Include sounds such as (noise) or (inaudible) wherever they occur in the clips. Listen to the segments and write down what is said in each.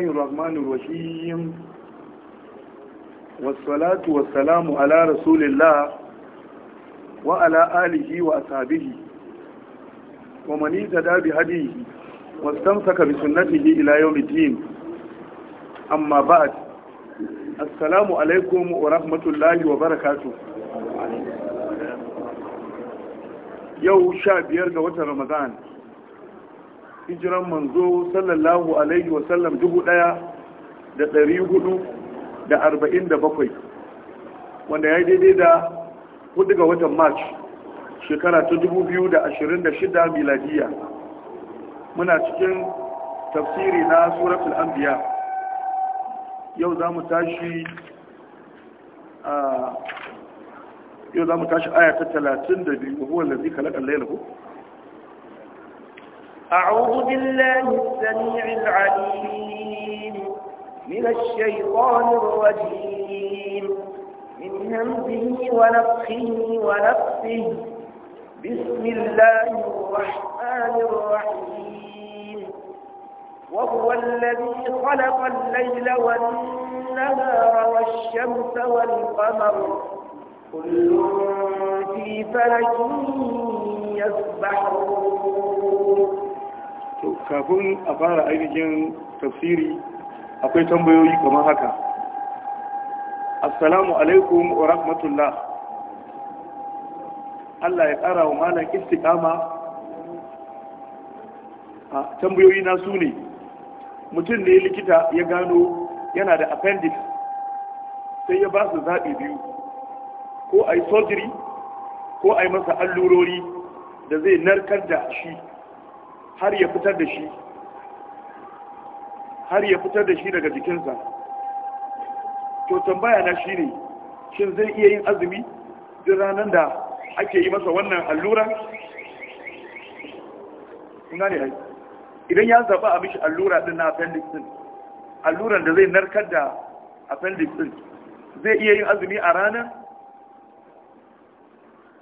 الله الرحمن الرحيم والصلاة والسلام على رسول الله وعلى آله وأصحابه ومن اهتدى بهديه واستمسك بسنته إلى يوم الدين أما بعد السلام عليكم ورحمة الله وبركاته يوم شاب يرجع وتر رمضان hijiran manzo sallallahu alaihi wasallam dubu ɗaya da ɗari hudu da arba'in da bakwai wanda ya yi daidai da hudu ga watan march shekara ta dubu biyu da ashirin da shida miladiya muna cikin tafsiri na suratul anbiya yau za mu tashi a yau za mu tashi aya ta talatin da biyu huwa lalzi kalakan lailahu أعوذ بالله السميع العليم من الشيطان الرجيم من همزه ونفخه ونفسه بسم الله الرحمن الرحيم وهو الذي خلق الليل والنهار والشمس والقمر كل في فلك يسبحون to kafin a fara ainihin tafsiri akwai tambayoyi kamar haka assalamu alaikum wa rahmatullah Allah ya ƙara wa malam a tambayoyi na su ne mutum ne likita ya gano yana da appendix sai ya ba su zaɓi biyu ko a yi surgery ko a yi masa allurori da zai narkar da shi har ya fitar da shi har ya fitar da shi daga jikinsa to tambaya na shi ne shin zai iya yin azumi duk ranar da ake yi masa wannan allura kuna ne ai idan ya zaba a mishi allura din na appendix din alluran da zai narkar da appendix din zai iya yin azumi a ranar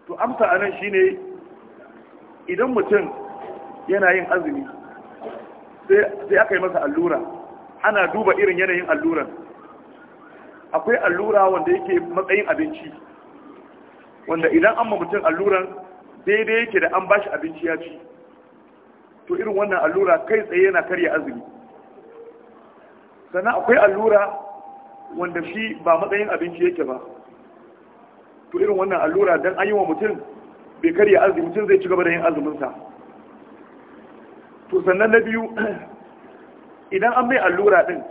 to amsa anan shine idan mutum yana yin azumi sai aka yi masa allura ana duba irin yanayin alluran akwai allura wanda yake matsayin abinci wanda idan an mutum alluran daidai yake da an bashi abinci ya ci to irin wannan allura kai tsaye yana karya azumi sannan akwai allura wanda shi ba matsayin abinci yake ba to irin wannan allura don an yi wa mutum bai karya azumi mutum zai ci gaba da yin azuminsa to sannan na biyu (clears throat) idan an mai allura din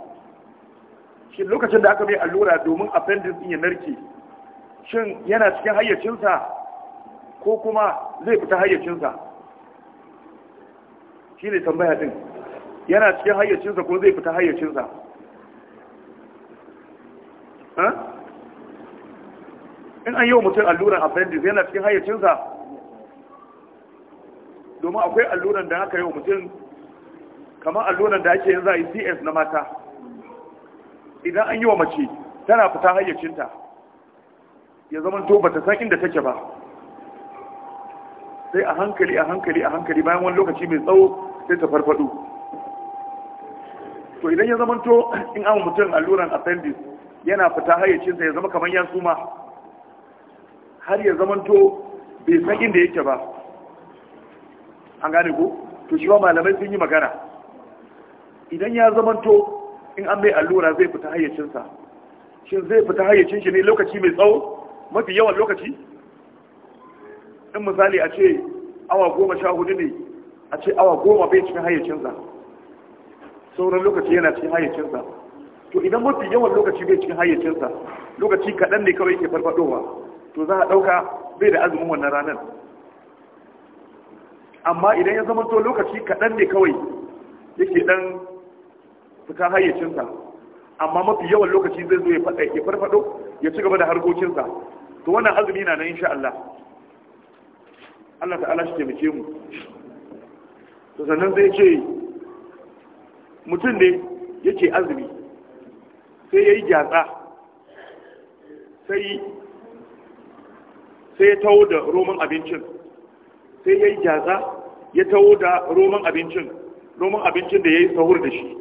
shi lokacin da aka mai allura domin appendix din ya narke shin yana cikin hayyacinsa ko kuma zai fita hayyacinsa shi ne tambaya din yana cikin hayyacinsa ko zai fita hayyacinsa in an yi wa mutum alluran appendix yana cikin hayyacinsa domin akwai alluran da aka yi wa mutum kamar alluran da ake yin za a yi cs na mata idan an yi wa mace tana fita hayyacinta ya zama to ba ta san inda take ba sai a hankali a hankali a hankali bayan wani lokaci mai tsawo sai ta farfado to idan ya zama to in an mutum alluran appendix yana fita hayyacinsa ya zama kamar yan suma har ya zama to bai san inda yake ba an gane ko to shi ba malamai sun yi magana idan ya zamanto in an mai allura zai fita hayyacinsa shin zai fita hayyacin shi ne lokaci mai tsawo mafi yawan lokaci in misali a ce awa goma sha hudu ne a ce awa goma bai cikin hayyacinsa sauran lokaci yana cikin hayyacinsa to idan mafi yawan lokaci bai cikin hayyacinsa lokaci kaɗan ne kawai ke farfadowa to za a ɗauka bai da azumin wannan ranar amma idan ya zama to lokaci kaɗan ne kawai yake ɗan fita hayyacinsa amma mafi yawan lokaci zai zo ya farfado ya ci gaba da harkokinsa to wannan azumi na nan insha Allah Allah ta'ala shi taimake mu to sannan zai ce mutum ne yake azumi sai ya yi gyatsa sai ya taho da roman abincin sai ya yi gyatsa ya taho da roman abincin roman abincin da ya yi sahur da shi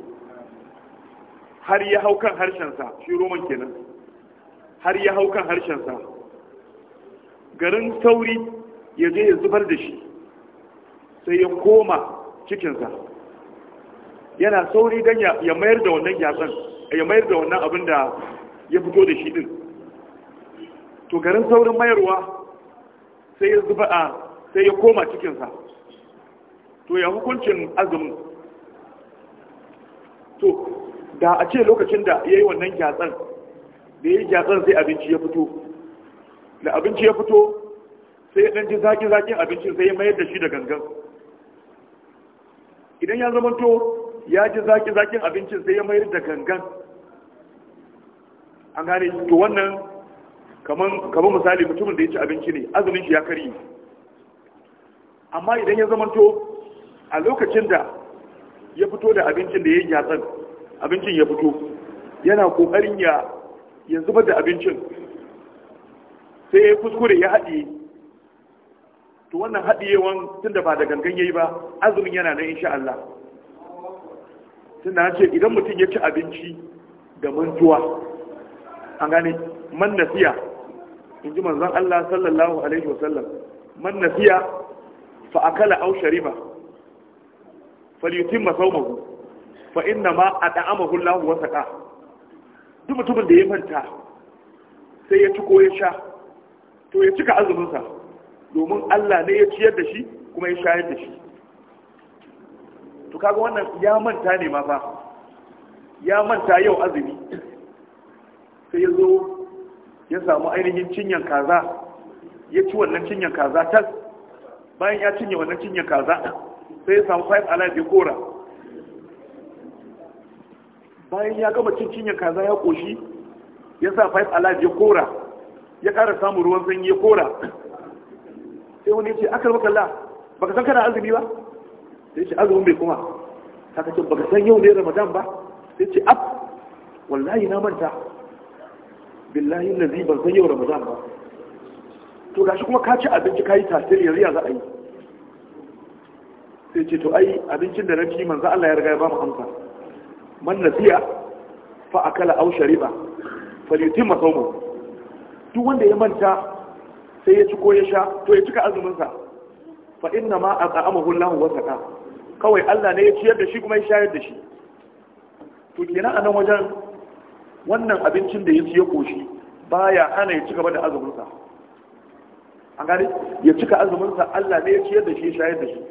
har ya hau kan harshensa shi roman kenan har ya hau kan harshensa garin sauri ya je ya zubar da shi sai ya koma cikinsa yana sauri don ya mayar da wannan yatsan ya mayar da wannan abin da ya fito da shi din to garin saurin mayarwa sai ya zuba a sai ya koma cikinsa to ya hukuncin azumin to da a ce lokacin da ya yi wannan gyatsan da ya yi gyatsan sai abinci ya fito da abinci ya fito sai ya ɗanji zaƙi-zaƙin abincin sai ya mayar da shi da gangan idan ya zamanto ya ji zaƙi-zaƙin abincin sai ya mayar da gangan an gane to wannan kamar misali mutumin da ya ci abinci ne azumin shi ya karye amma idan ya zamanto a lokacin da ya fito da abincin da ya yi yatsan abincin ya fito yana kokarin ya ya zubar da abincin sai ya kuskure ya haɗiye to wannan haɗiyewan tun da ba da gangan ya yi ba azumin yana nan insha Allah tunda ce idan mutum ya ci abinci da mantuwa an gane man nasiya in ji manzon Allah sallallahu alaihi wasallam man nasiya fa akala aw shariba falyutim masaumahu fa inna ma ad'amahu lahu wa saqa duk mutumin da ya manta sai ya ci ko ya sha to ya cika azumin sa domin Allah ne ya ciyar da shi kuma ya shayar da shi to kaga wannan ya manta ne ma fa ya manta yau azumi sai ya zo ya samu ainihin cinyan kaza ya ci wannan cinyan kaza tas bayan ya cinye wannan cinyan kaza sai ya samu five alive ya kora bayan ya gama cin cinye kaza ya koshi ya sa five alive ya kora ya kara samun ruwan sanyi ya kora sai wani ce akal makalla baka san kana azumi ba sai ce azumin bai kuma haka ce baka san yau ne ramadan ba sai ce ab wallahi na manta billahi lazi ban san yau ramadan ba to gashi kuma ka ci abinci ka yi tasiri yanzu ya za a yi sai ce to ai abincin da na ci manzo Allah ya riga ya ba mu amsa man nasiya fa akala aw shariba falyutimma sawmu duk wanda ya manta sai ya ci ko ya sha to ya cika azumin sa fa inna ma at'amahu Allah wa saka kawai Allah ne ya ciyar da shi kuma ya shayar da shi to kenan anan wajen wannan abincin da ya ci ya koshi baya hana ya cika da azumin sa an gane ya cika azumin sa Allah ne ya ciyar da shi ya shayar da shi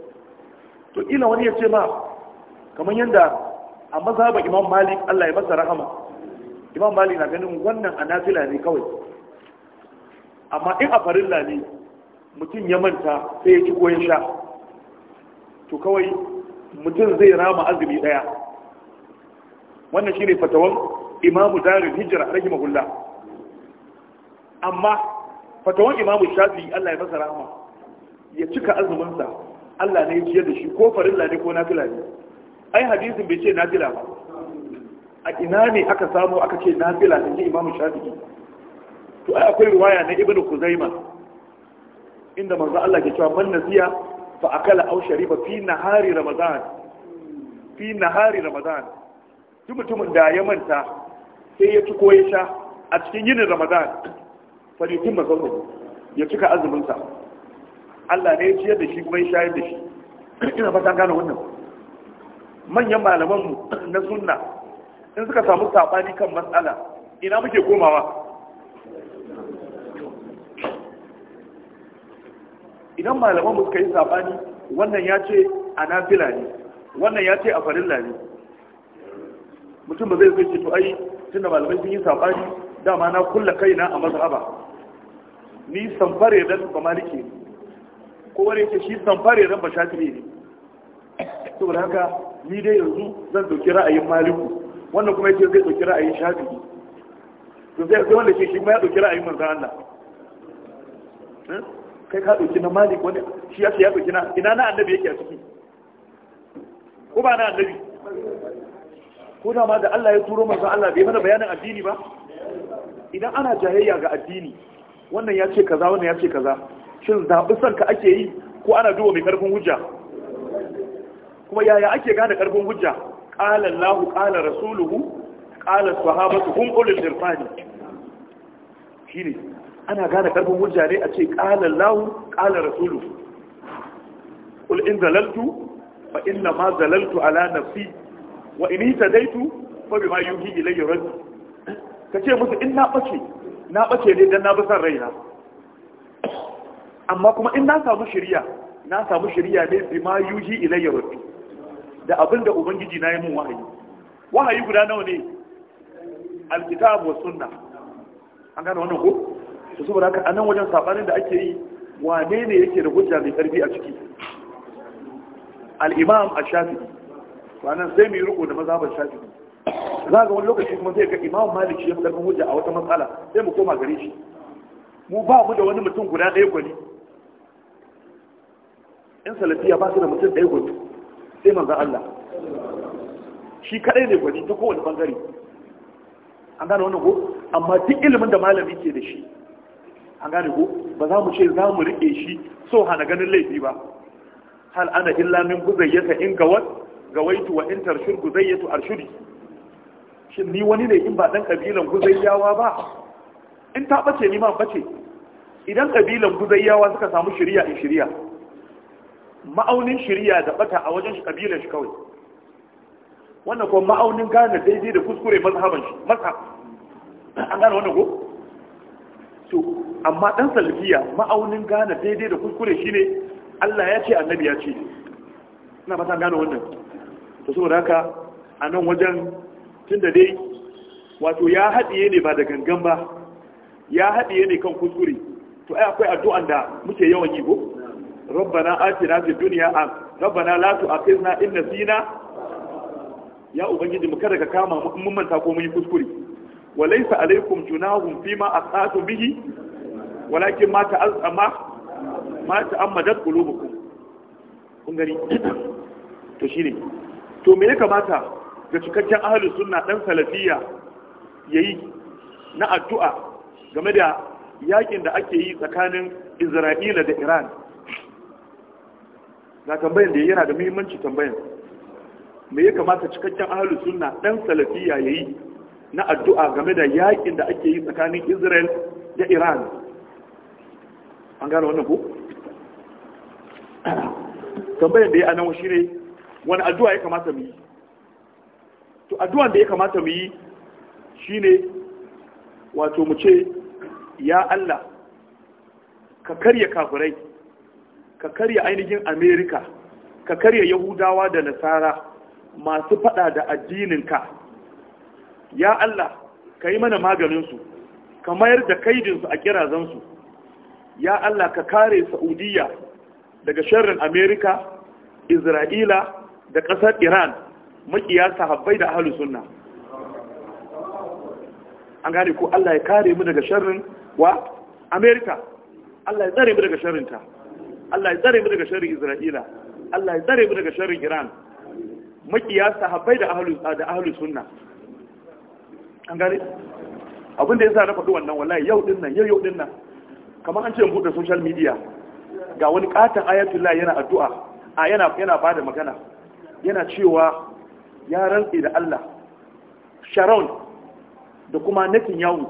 to ila wani ya ce ma kamar yadda a mazhaban imam malik Allah ya masa rahama imam malik na ganin wannan a nafila ne kawai amma in a farilla ne mutum ya manta sai ya ci ko ya sha to kawai mutum zai rama azumi daya wannan shi shine fatawan imamu darul hijra rahimahullah amma fatawan imamu shafi Allah ya masa rahama ya cika azuminsa Allah ne ya ciyar da shi ko farilla ne ko nafila ne ai hadisin bai ce nafila ba a ina ne aka samu aka ce nafila da ji imamu shafi'i to ai akwai riwaya na ibnu kuzaima inda manzo Allah ke cewa man nasiya fa akala aw shariba fi nahari ramadan fi nahari ramadan duk mutumin da ya manta sai ya ci ko ya sha a cikin yinin ramadan fa yutimma sawmu ya cika azumin sa Allah ne ya ciyar da shi kuma ya shayar da shi ina fata gane wannan manyan malaman mu na sunna in suka samu sabani kan matsala ina muke komawa idan malaman mu suka yi sabani wannan ya ce a nafila ne wannan ya ce a farilla ne mutum ba zai zai ce to ai da malamai sun yi sabani dama na kulla kaina a mazhaba ni samfare dan ba maliki ne ko wani yake shi samfare ran ba shafi ne da haka ni dai yanzu zan doki ra'ayin maliku wannan kuma yake zai doki ra'ayin ne to zai sai wanda ke shi ma ya doki ra'ayin manzan Allah eh? kai ka doki na malik wani shi ya ya doki na ina na annabi yake a ciki ko ba na annabi ko da ma da Allah ya turo manzan Allah bai mana bayanin addini ba idan ana jahayya ga addini wannan ya ce kaza wannan ya ce kaza shin zaɓi son ka ake yi ko ana duba mai ƙarfin hujja kuma yaya ake gane ƙarfin hujja ƙalar lahu, ƙalar rasuluhu ƙala sahabatu hun ƙulun irfani ne. ana gane ƙarfin hujja ne a ce ƙalar lahu, ƙalar rasuluhu ƙul in zalaltu fa inna ma zalaltu ala nafsi wa in tadaitu fa yi ilayyar ilayya Ka ce musu in na ɓace. na ɓace ne don na bi san raina amma kuma in na samu shirya na samu shirya ne bi ma yuhi ilayya rabbi da abinda ubangiji na yi mun wahayi wahayi guda nawa ne alkitab wa sunna an gane wannan ko to saboda haka anan wajen sabanin da ake yi wane ne yake da hujja mai karfi a ciki al-imam ash-shafi'i wannan sai mu riko da mazhabin shafi'i za ga wani lokaci kuma zai ga imam maliki shi ya fi hujja a wata matsala sai mu koma gare shi mu ba mu da wani mutum guda ɗaya gwani yan salafiya ba su da mutum ɗaya gudu sai manzan Allah shi kaɗai ne gwani ta kowane bangare an gane wannan ko amma duk ilimin da malami ke da shi an gane ko ba za mu ce za mu riƙe shi so hana ganin laifi ba hal ana illa min guzayyata in gawat gawaitu wa in tarshur guzayyatu arshudi shin ni wani ne in ba dan kabilan guzayyawa ba in ta bace ni ma bace idan kabilan guzayyawa suka samu shari'a in shari'a ma'aunin shirya da bata a wajen shi shi kawai wannan kuma ma'aunin gane daidai da kuskure mazhaban shi masa an gane wannan ko to amma dan salafiya ma'aunin gane daidai da kuskure shine Allah ya ce annabi ya ce ina san gane wannan to saboda haka a nan wajen tunda dai wato ya haɗiye ne ba da gangan ba ya haɗiye ne kan kuskure to ai akwai addu'an da muke yawan yi ko rabbana atina fid dunya an rabbana la tu'akhizna in nasina ya ubangiji mu kada ka kama mu mun manta ko mun yi kuskure walaysa alaykum junahum fima asatu bihi walakin ma ma to shine to me ya kamata ga cikakken ahlus sunna dan salafiya yayi na addu'a game da yakin da ake yi tsakanin Isra'ila da Iran ga tambayan da yana da muhimmanci tambayan me ya kamata cikakken ahalus sunna dan salafiya yayi na addu'a game da yakin da ake yi tsakanin Israel da Iran an gano wannan ko (clears throat) tambayan da ya anan ne wani addu'a ya kamata mu yi to addu'an da ya kamata mu yi shine wato mu ce ya Allah ka karya kafirai ka karya ainihin amerika ka karya yahudawa da nasara masu fada da addininka ya allah ka yi mana maganinsu ka mayar da kaidinsu a kirazansu ya allah ka kare saudiya daga sharrin amerika isra'ila da ƙasar iran makiya habbai da ahalu sunna an gane ko allah ya kare mu daga sharrin wa amerika allah ya tsare mu daga sharrinta Allah ya tsare mu daga sharrin Isra'ila Allah ya tsare mu daga sharrin Iran makiya sahabbai da ahlus da ahlus sunna an gane abin da yasa na faɗi wannan wallahi yau din nan yau yau din nan kamar an ce mu buɗe social media ga wani katon ayatullah yana addu'a a yana yana bada magana yana cewa ya rantsi da Allah Sharon da kuma Netanyahu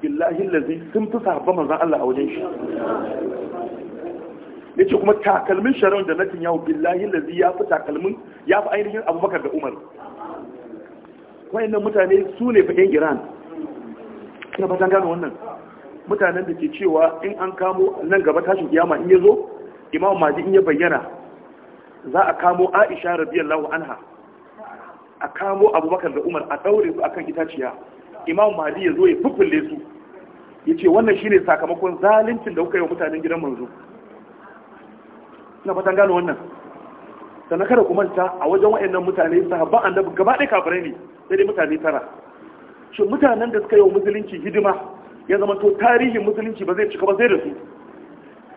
billahi lazi sun fi sahabban manzon Allah a wajen shi ya ce kuma takalmin sharon da nakin yawo billahi lazi ya fi takalmin ya fi ainihin abubakar da umar wayannan mutane su ne fa'in iran ina ba gano wannan mutanen da ke cewa in an kamo nan gaba tashin kiyama in ya zo imam mahdi in ya bayyana za a kamo aisha radiyallahu anha a kamo abubakar da umar a daure su akan itaciya imam mahdi ya zo ya fufulle su ya ce wannan shine sakamakon zaluncin da kuka yi wa mutanen gidan manzo na fatan gano wannan sannan kada ku manta a wajen wayannan mutane sahabba annabi gaba ɗaya kafirai ne sai dai mutane tara shin mutanen da suka yi wa musulunci hidima ya zama to tarihin musulunci ba zai cika ba sai da su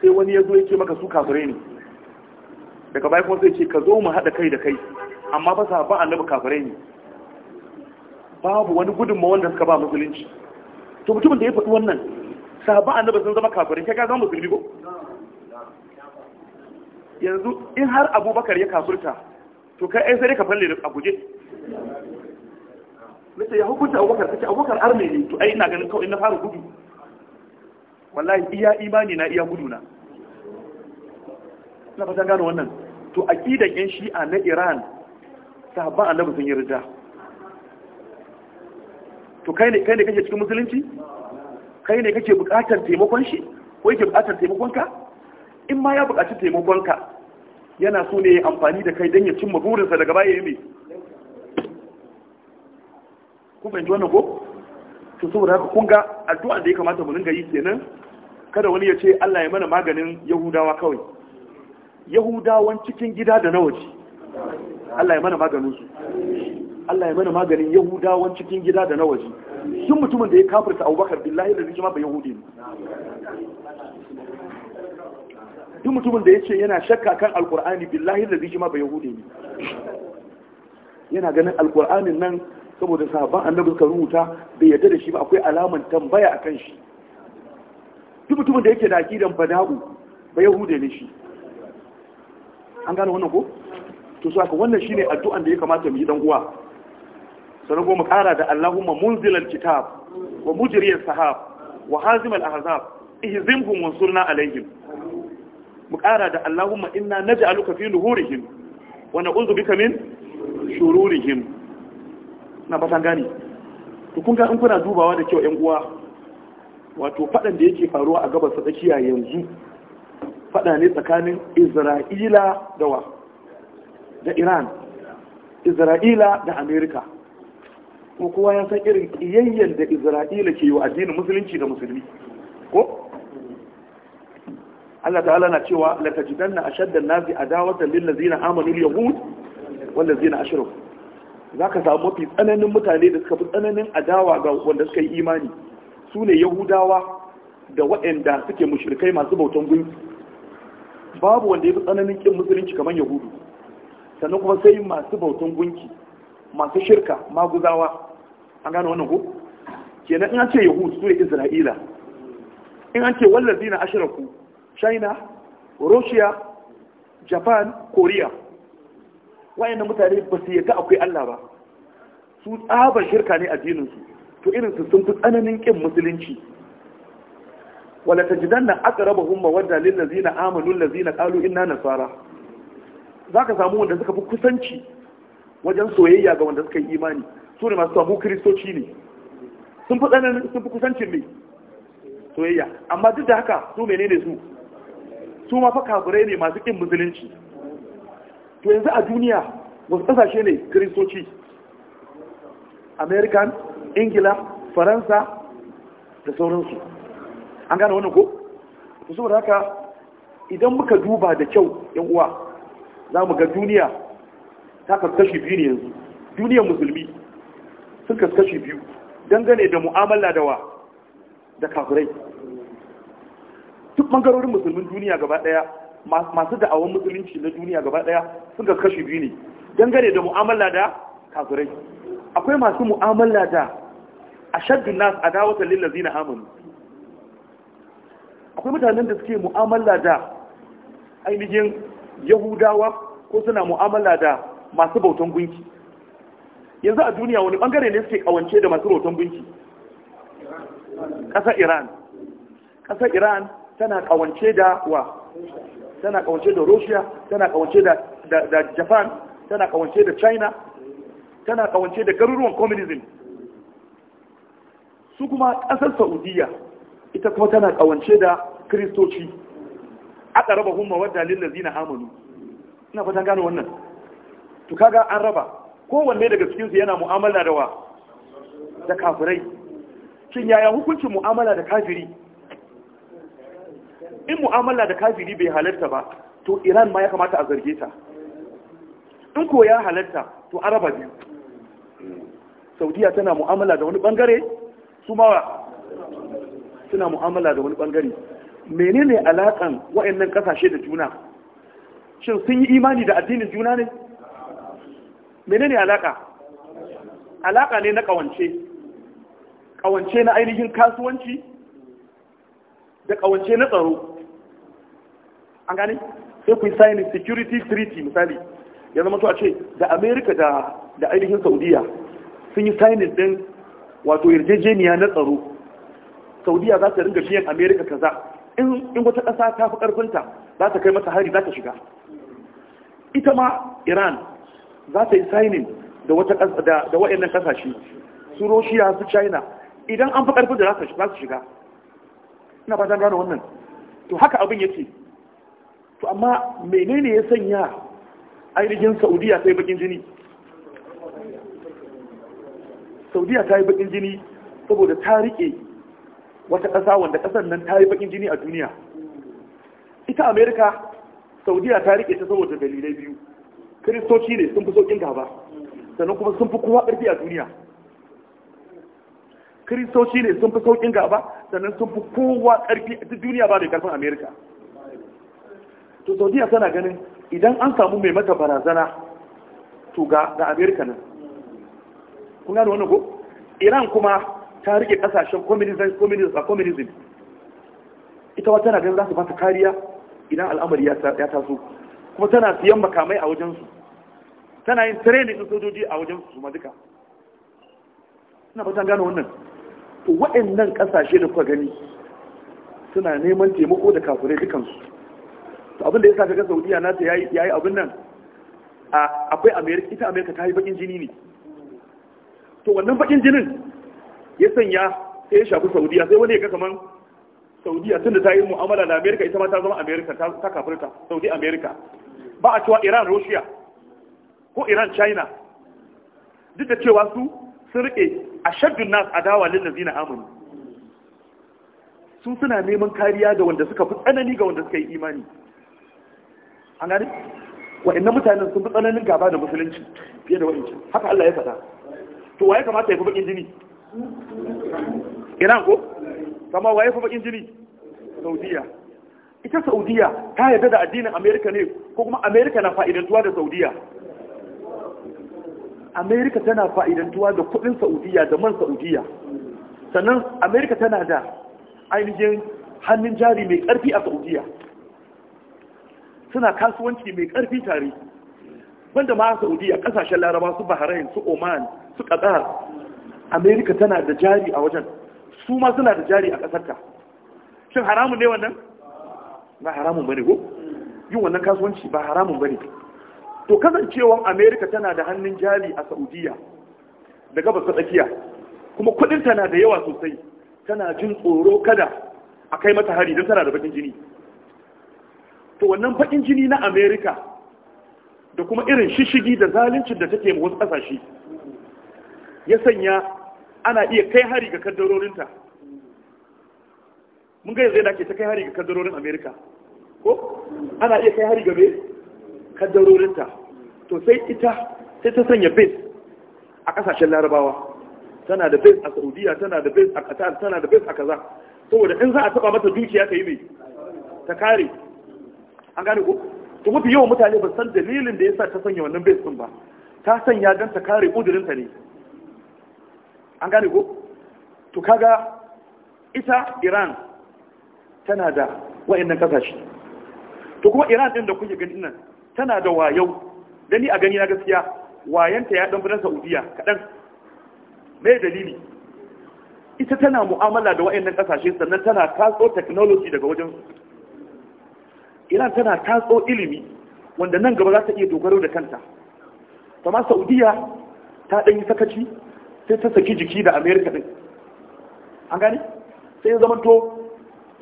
sai wani ya zo ya ce maka su kafirai ne daga baya kuma zai ce ka zo mu haɗa kai da kai amma ba sahabba annabi kafirai ne babu wani gudunmawa wanda suka ba musulunci to mutumin da ya faɗi wannan sahabba annabi sun zama kafirai kai ka zama musulmi ko yanzu in har abubakar ya kafurta to kai ai sai ka falle a abuje nace ya hukunta abubakar kace abubakar arme ne to ai ina ganin kawai na fara gudu wallahi iya imani na iya gudu na na ta gano wannan to aqidan yan shi'a na Iran sahabban annabi sun yi rida to kai ne kai ne kake cikin musulunci kai ne kake bukatar taimakon shi ko yake bukatar taimakon ka in ma ya bukaci taimakon ka yana so ne ya amfani da kai don ya cimma burinsa daga baya mai ku fahimci wannan ko su saboda haka kun ga addu'a da ya kamata mu gari yi kenan kada wani ya ce Allah ya mana maganin Yahudawa kawai Yahudawan cikin gida da na waje Allah ya mana maganin su Allah ya mana maganin Yahudawan cikin gida da na waje mutumin da ya kafirta Abubakar billahi da rijima ba Yahudi ne duk mutumin da ya ce yana shakka kan alkur'ani billahi da zai ba yahudi ne yana ganin alkur'anin nan saboda sahabban annabi suka rubuta bai yadda da shi ba akwai alaman tambaya a kan shi duk mutumin da yake da akidan fada'u ba yahudi ne shi an gane wannan ko to su haka wannan shine addu'an da ya kamata mu yi dan uwa sanan kuma mu kara da Allahumma munzilal kitab wa mujriyas sahab wa hazimal ahzab ihzimhum wansurna alaihim mu ƙara da Allahumma inna naj'aluka fi nuhurihim wa na'udhu bika min shururihim na ba gani to kun ga in kuna dubawa da kyau ƴan uwa wato fadan da yake faruwa a gabas tsakiya yanzu fada ne tsakanin Isra'ila da wa da Iran Isra'ila da Amerika ko kowa ya san irin yayyan da Isra'ila ke yi wa addinin musulunci da musulmi ko Allah ta'ala na cewa la a ashadda Nazi a adawatan lil ladzina amanu al-yahud wal ladzina ashraku zaka samu mafi tsananin mutane da suka fi tsananin adawa ga wanda suka yi imani su ne yahudawa da waɗanda suke mushrikai masu bautan gunki babu wanda ya fi tsananin kin musulunci kamar yahudu sannan kuma sai masu bautan gunki masu shirka maguzawa an gane wannan ko kenan in an ce yahud su ne isra'ila in an ce wallazi na ashiraku china russia japan korea wayannan mutane ba su yadda akwai allah ba su tsabar shirka ne addininsu to irinsu sun fi tsananin ƙin musulunci wala jidan na aka raba hun zina lillazina amalun zina ƙalu ina nasara za ka samu wanda suka fi kusanci wajen soyayya ga wanda suka yi imani su ne masu samu kiristoci ne sun fi tsananin sun fi kusancin mai soyayya amma duk da haka su menene su su ma fa kafirai ne masu kin musulunci to yanzu a duniya wasu kasashe ne kristoci american ingila faransa da sauransu an gane wannan ko su saboda haka idan muka duba da kyau yan uwa za mu ga duniya ta kaskashi biyu ne yanzu duniyar musulmi sun kaskashi biyu dangane da mu'amala da wa da kafirai duk bangarorin musulmin duniya gaba daya masu da'awar musulunci na duniya gaba daya sun ga kashi biyu ne dangane da mu'amala da kafirai akwai masu mu'amala da a nasu a adawatan lil ladzina amanu akwai mutanen da suke mu'amala da ainihin yahudawa ko suna mu'amala da masu bautan gunki yanzu a duniya wani bangare ne suke kawance da masu bautan gunki ƙasar iran ƙasar iran tana kawance da wa tana kawance da russia tana kawance da da japan tana kawance da china tana kawance da garuruwan communism su kuma ƙasar saudiya ita kuma tana kawance da kristoci aka raba hun mawadda lillazi na amanu ina fatan gano wannan to kaga an raba kowanne daga cikinsu yana mu'amala da wa da kafirai shin yaya hukuncin mu'amala da kafiri in mu'amala da kafiri bai halarta ba to iran ma ya kamata a zarge ta in ko ya halarta to araba biyu saudiya tana mu'amala da wani bangare su ma suna mu'amala da wani bangare menene alakan wa'annan kasashe da juna shin sun yi imani da addinin juna ne menene alaka alaka ne na kawance kawance na ainihin kasuwanci da kawance na tsaro an gane sai ku yi security treaty misali ya zama to a ce da america da da ainihin saudiya sun yi signing din wato yarjejeniya na tsaro saudiya za ta ringa biyan america kaza in wata ƙasa ta fi ƙarfinta za ta kai mata hari za ta shiga ita ma iran za ta yi signing da wata da wa'annan ƙasashe su roshiya su china idan an fi ƙarfin da za su shiga ina ba gano wannan to haka abin yake to amma menene ya sanya ainihin saudiya ta yi bakin jini saudiya ta yi bakin jini saboda ta rike wata ƙasa wanda ƙasar nan ta yi bakin jini a duniya ita amerika saudiya ta rike ta saboda dalilai biyu kiristoci ne sun fi sokin gaba sannan kuma sun fi kowa ƙarfi a duniya kiristoci ne sun fi sokin gaba sannan sun fi kowa ƙarfi a duniya ba da ƙarfin amerika to saudiya tana ganin idan an samu mai mata barazana to ga amerika nan kun gano wannan ko iran kuma ta rike kasashen communism ita wata tana ganin za su bata kariya idan al'amari ya taso kuma tana siyan makamai a wajensu tana yin training din sojoji a wajensu su duka ina fatan gano wannan to waɗannan kasashe da kuka gani suna neman taimako da kafirai dukansu to abin da ya sa kaga saudiya na ta yayi yayi abin nan akwai america ita america ta yi bakin jini ne to wannan bakin jinin ya sanya sai ya shafi saudiya sai wani ya ga kaman saudiya tunda ta yi mu'amala da america ita ma ta zama america ta kafirta saudi america ba a cewa iran russia ko iran china duk da cewa su sun rike a shaddun nas adawa lil ladina amanu sun suna neman kariya ga wanda suka fi tsanani ga wanda suka yi imani an gane wa'annan mutanen sun fi tsananin gaba da musulunci fiye da wa'ancan haka Allah ya faɗa to waye kamata ya fi bakin jini iran ko kama waye fi bakin jini saudiya ita saudiya ta yarda da addinin amerika ne ko kuma amerika na fa'idantuwa da saudiya amerika tana fa'idantuwa da kudin saudiya da man saudiya sannan amerika tana da ainihin hannun jari mai karfi a saudiya suna kasuwanci mai ƙarfi tare banda ma saudiya ƙasashen laraba su bahrain su oman su qatar america tana da jari a wajen su ma suna da jari a ta. shin haramun ne wannan ba haramun bane ko yin wannan kasuwanci ba haramun bane to kasancewan america tana da hannun jari a saudiya da gabas ta tsakiya kuma kudin tana da yawa sosai tana jin tsoro kada a kai mata hari don tana da bakin jini to wannan bakin jini na america da kuma irin shishigi da zaluncin da take wasu kasashe ya sanya ana iya kai hari ga kaddarorinta mun ga yanzu yana ake ta kai hari ga kaddarorin america ko ana iya kai hari ga mai kaddarorinta to sai ita sai ta sanya base a kasashen larabawa tana da base a saudiya tana da base a qatar tana da base a kaza saboda in za a taba mata dukiya ta yi mai ta kare an gane ko to mafi yawan mutane ba san dalilin da yasa ta sanya wannan base sun ba ta sanya don ta kare kudirin ta ne an gane ko to kaga ita Iran tana da wayannan kasashe to kuma Iran din da kuke gani nan tana da wayau dani a gani na gaskiya wayanta ya dan bi Saudiya kadan me dalili ita tana mu'amala da wayannan kasashe sannan tana kaso technology daga wajen iran tana tatso ilimi wanda nan gaba za ta iya dogaro da kanta amma saudiya ta ɗan yi sakaci sai ta saki jiki da amerika ɗin an gane sai ya zama to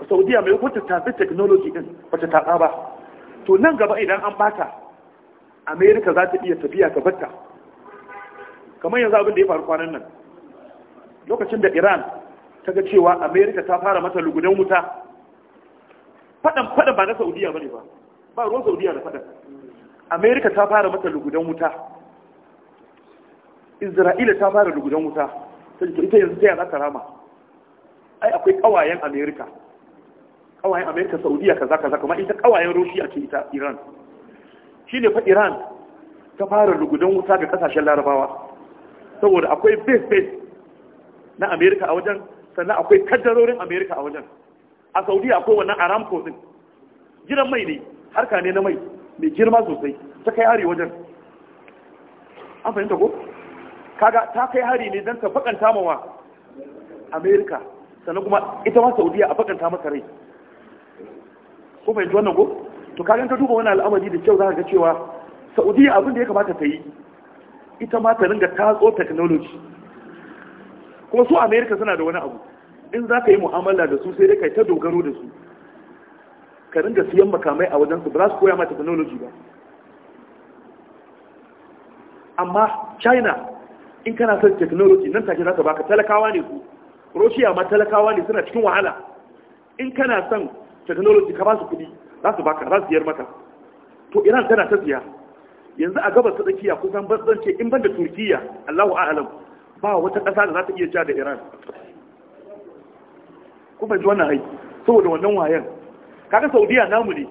saudiya mai wata tafi technology ɗin wata taɓa ba to nan gaba idan an bata amerika za ta iya tafiya ta batta kamar yanzu abin da ya faru kwanan nan lokacin da iran ta ga cewa amerika ta fara mata lugudan wuta fadan fadan ba na saudiya bane ba ba ruwan saudiya da fadan america ta fara mata lugudan wuta isra'ila ta fara lugudan wuta sai ita yanzu ta za ta rama ai akwai kawayen america kawayen america saudiya kaza kaza kuma ita kawayen russia ce ita iran shine fa iran ta fara lugudan wuta ga kasashen larabawa saboda akwai base base na america a wajen sannan akwai kaddarorin america a wajen a saudiya ko wannan aramco din gidan mai ne harka ne na mai mai girma sosai ta kai hari wajen an fahimta ko kaga ta kai hari ne don ta ma mawa amerika sannan kuma ita ma saudiya a fakanta masa rai ko fahimta wannan ko to kagan ka duba wani al'amari da kyau za ka ga cewa saudiya abin da ya kamata ta yi ita ma ta ringa tatso technology kuma su amerika suna da wani abu in za ka yi mu'amala da su sai dai kai ta dogaro da su ka ringa siyan makamai a wajensu ba za su koya ma technology ba amma china in kana son technology nan take za ka baka talakawa ne su roshiya ma talakawa ne suna cikin wahala in kana son technology ka ba su kudi za su baka za su yar maka to iran tana ta siya yanzu a gabas ta tsakiya kusan ban in ban da turkiya allahu a'alam ba wata ƙasa da za ta iya ja da iran bai fahimci wannan ai saboda wannan wayan kaga saudiya namu ne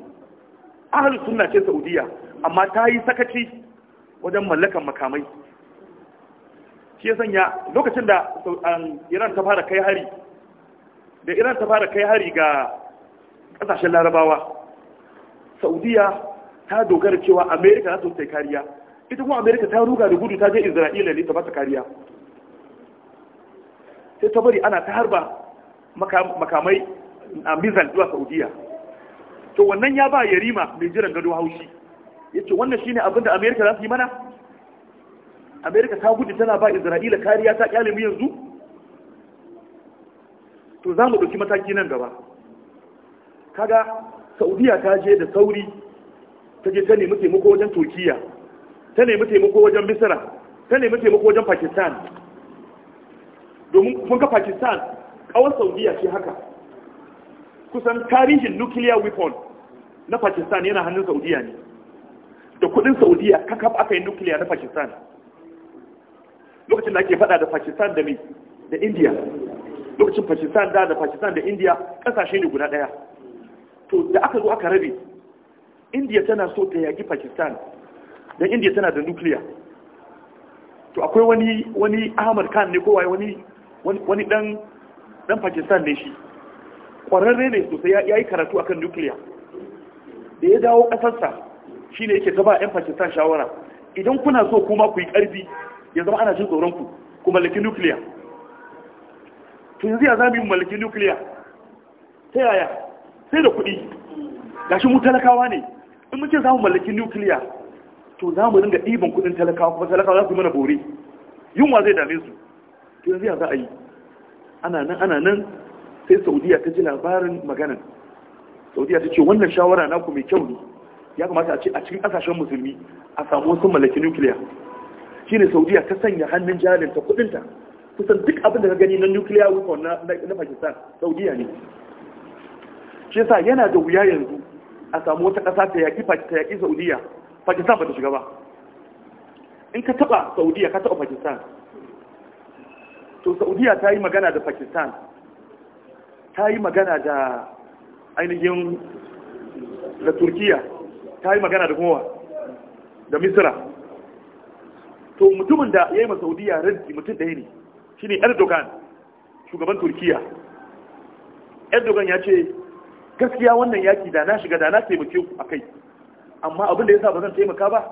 ahalu sunna ce saudiya amma ta yi sakaci wajen mallakan makamai shi ya sanya lokacin da iran ta fara kai hari da iran ta fara kai hari ga kasashen larabawa saudiya ta dogara cewa amerika za ta kariya ita kuma amerika ta ruga da gudu ta je isra'ila ne ta ba ta kariya sai ta bari ana ta harba makamai a mizal zuwa saudiya to wannan ya ba yarima mai jiran gado haushi ya ce wannan shine abin da amerika za su yi mana amerika ta gudu tana ba isra'ila kariya ta kyale yanzu to za mu ɗauki mataki nan gaba kaga saudiya ta je da sauri ta je ta nemi taimako wajen turkiya ta nemi taimako wajen misira ta nemi taimako wajen pakistan domin kun pakistan kawar saudiya ce haka kusan tarihin nuclear weapon na pakistan yana hannun saudiya ne da kudin saudiya kakaf aka yi nuclear na pakistan lokacin da ake fada da pakistan da mai da india lokacin pakistan da da pakistan da india kasashe ne guda daya to da aka zo aka rabe india tana so ta yaki pakistan don india tana da nuclear to akwai wani wani ahmad khan ne kowai wani wani dan dan pakistan ne shi Kwararre ne sosai ya yi karatu akan nukiliya da ya dawo ƙasarsa shi ne yake gaba 'yan pakistan shawara idan kuna so kuma ku yi ƙarfi ya zama ana jin tsoronku ku mallaki nukiliya to yanzu ya mu yi mallaki nukiliya ta yaya sai da kuɗi gashi mu talakawa ne in muke za mu mallaki nukiliya to za mu ringa ɗiban kuɗin talakawa kuma talakawa za su yi mana bore yunwa zai dame su to yanzu ya za a yi ana nan ana nan sai saudiya ta ji labarin maganan saudiya ta ce wannan shawara naku mai kyau ne ya kamata a ce a cikin kasashen musulmi a samu wasu mallaki nukiliya shine saudiya ta sanya hannun jarin ta ta kusan duk abin da ka gani na nukiliya weapon na pakistan saudiya ne shi yasa yana da wuya yanzu a samu wata ƙasa ta yaƙi ta yaƙi saudiya pakistan ba ta shiga ba in ka taba saudiya ka taba pakistan to saudiya ta yi magana da pakistan ta yi magana da ainihin da turkiya ta yi magana da kuma da misira to mutumin da ya yi ma saudiya rinji mutum ɗaya ne shi ne erdogan shugaban turkiya erdogan ya ce gaskiya wannan yaki da na shiga da na taimake ku a kai amma abin da ya sa ba zan taimaka ba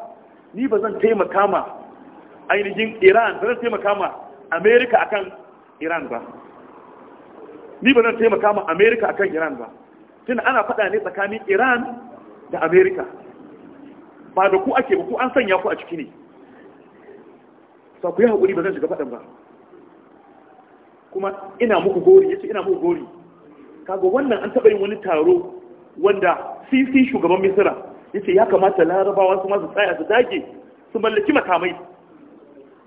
ni ba zan taimaka ma ainihin iran ba zan taimaka ma amerika akan iran ba ni ba zan taimaka ma amerika akan iran ba tun ana faɗa ne tsakanin iran da amerika ba da ku ake ba ku an sanya ku a ciki ne sa ku yi haƙuri ba zan shiga faɗin ba kuma ina muku gori yace ina muku gori kaga wannan an taɓa yin wani taro wanda sisi shugaban misira yace ya kamata larabawa su masu tsaya su dage su mallaki makamai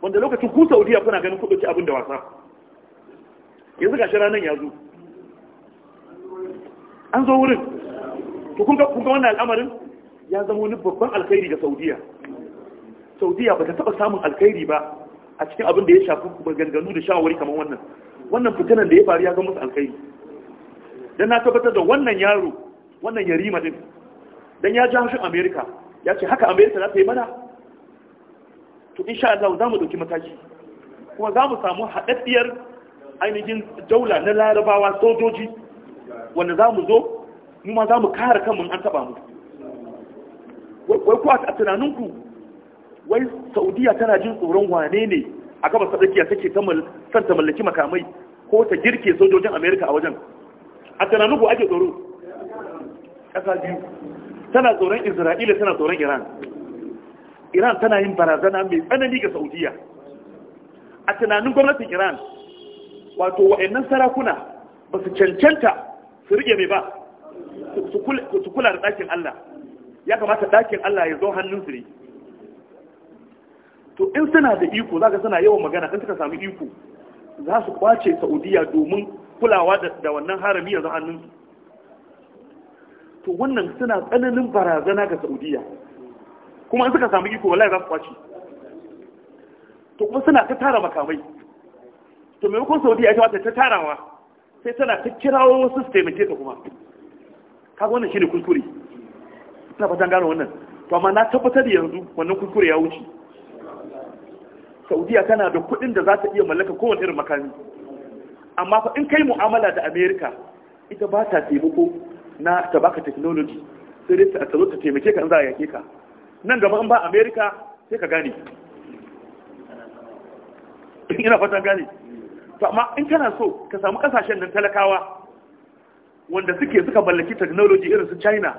wanda lokacin ku saudiya kuna ganin kudu ci abin da wasa yanzu ga ranar ya zo an zo wurin to kun ga wannan al'amarin ya zama wani babban alkhairi ga saudiya saudiya ba ta taɓa samun alkhairi ba a cikin abin da ya shafi maganganu da shawari kamar wannan wannan fitinan da ya faru ya zama musu alkhairi dan na tabbatar da wannan yaro wannan yarima din dan ya ji haushin Amerika, ya ce haka Amerika za ta yi mana to insha Allah za mu ɗauki mataki kuma za mu samu haɗaɗɗiyar ainihin daula na larabawa sojoji wanda za mu zo mu ma za mu kare kanmu an taɓa mu wai ku a tunaninku wai saudiya tana jin tsoron wane ne a gaba sadakiya take son ta mallaki makamai ko ta girke sojojin amerika a wajen a tunaninku ake tsoro ƙasa biyu tana tsoron isra'ila tana tsoron iran iran tana yin barazana mai tsanani ga saudiya a tunanin gwamnatin iran wato wa'annan sarakuna ba su cancanta su rike mai ba su kula da ɗakin allah ya kamata ɗakin allah ya zo hannunsu ne to in suna da iko za ka suna yawan magana in suka sami iko za su kwace saudiya domin kulawa da wannan harami ya zo hannunsu to wannan suna tsananin barazana ga saudiya kuma in suka samu iko wallahi za su kwaci to kuma suna ta tara makamai to maimakon ya ita wata ta tarawa sai tana ta kirawo wasu su taimake ta kuma kaga wannan shine kuskure ina fatan gano wannan to amma na tabbatar yanzu wannan kuskure ya wuce saudiya tana da kuɗin da za ta iya mallaka kowane irin makami amma fa in kai mu'amala da america ita ba ta taimako na ta baka technology sai dai ta zo ta taimake ka in za a yake ka nan gaba in ba Amerika sai ka gane ina fatan gane to amma in kana so ka samu kasashen nan talakawa wanda suke suka mallaki technology irin su china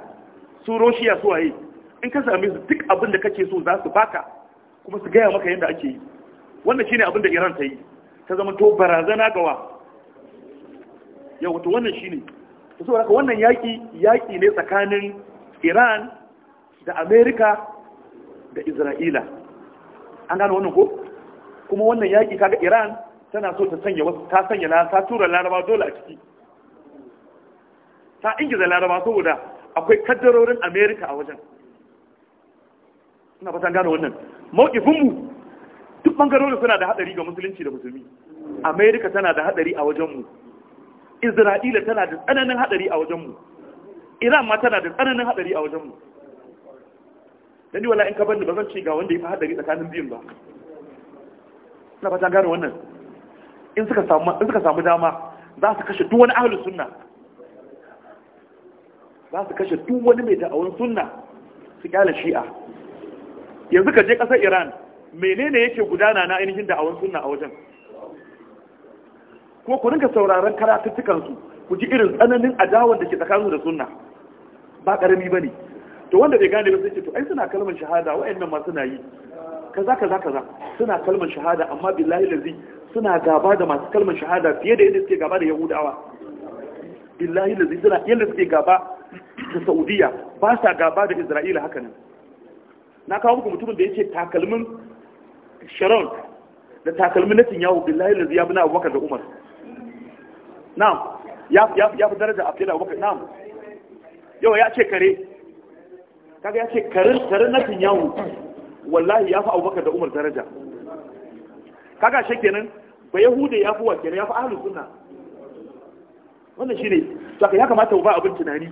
su russia su waye in ka same su duk abin da kake so za su baka kuma su gaya maka yadda ake yi wannan shine abin da iran ta yi ta zama to barazana gawa yau wato wannan shine to saboda wannan yaki yaki ne tsakanin iran da amerika da isra'ila an gano wannan ko kuma wannan yaƙi kaga iran tana so ta sanya wasu ta sanya na ta tura laraba dole a ciki ta ingiza laraba saboda akwai kaddarorin amerika a wajen ina an gano wannan mu duk bangarorin suna da hadari ga musulunci da musulmi amerika tana da hadari a wajenmu isra'ila tana da tsananin hadari a wajenmu iran ma tana da tsananin hadari a wajenmu dan wala in ka bani ba zan ce ga wanda ya fi hadari tsakanin biyun ba na fata gane wannan in suka samu in suka samu dama za su kashe duk wani ahlus sunna za su kashe duk wani mai da'awun sunna su kyale shi'a yanzu ka je kasar Iran menene yake gudana na ainihin da'awun sunna a wajen ko ku rinka sauraron karatuttukan su ku ji irin tsananin adawar da ke tsakanin da sunna ba karami bane to wanda bai gane ba zai ce to ai suna kalmar shahada wayannan ma suna yi kaza kaza kaza suna kalmar shahada amma billahi lazi suna gaba da masu kalmar shahada fiye da yadda suke gaba da yahudawa billahi lazi suna yadda suke gaba da saudiya ba sa gaba da isra'ila haka ne na kawo muku mutumin da yake takalmin sharon da takalmin na tinyawo billahi lazi ya bi na abubakar da umar Na ya fi daraja a fiye da abubakar Na yau ya ce kare kaga ya ce karin karin nafin yawo wallahi ya fi abubakar da umar daraja kaga shi kenan ba yahuda ya fi wakilai ya fi ahalus sunna wannan shi ne saka ya kamata mu ba abin tunani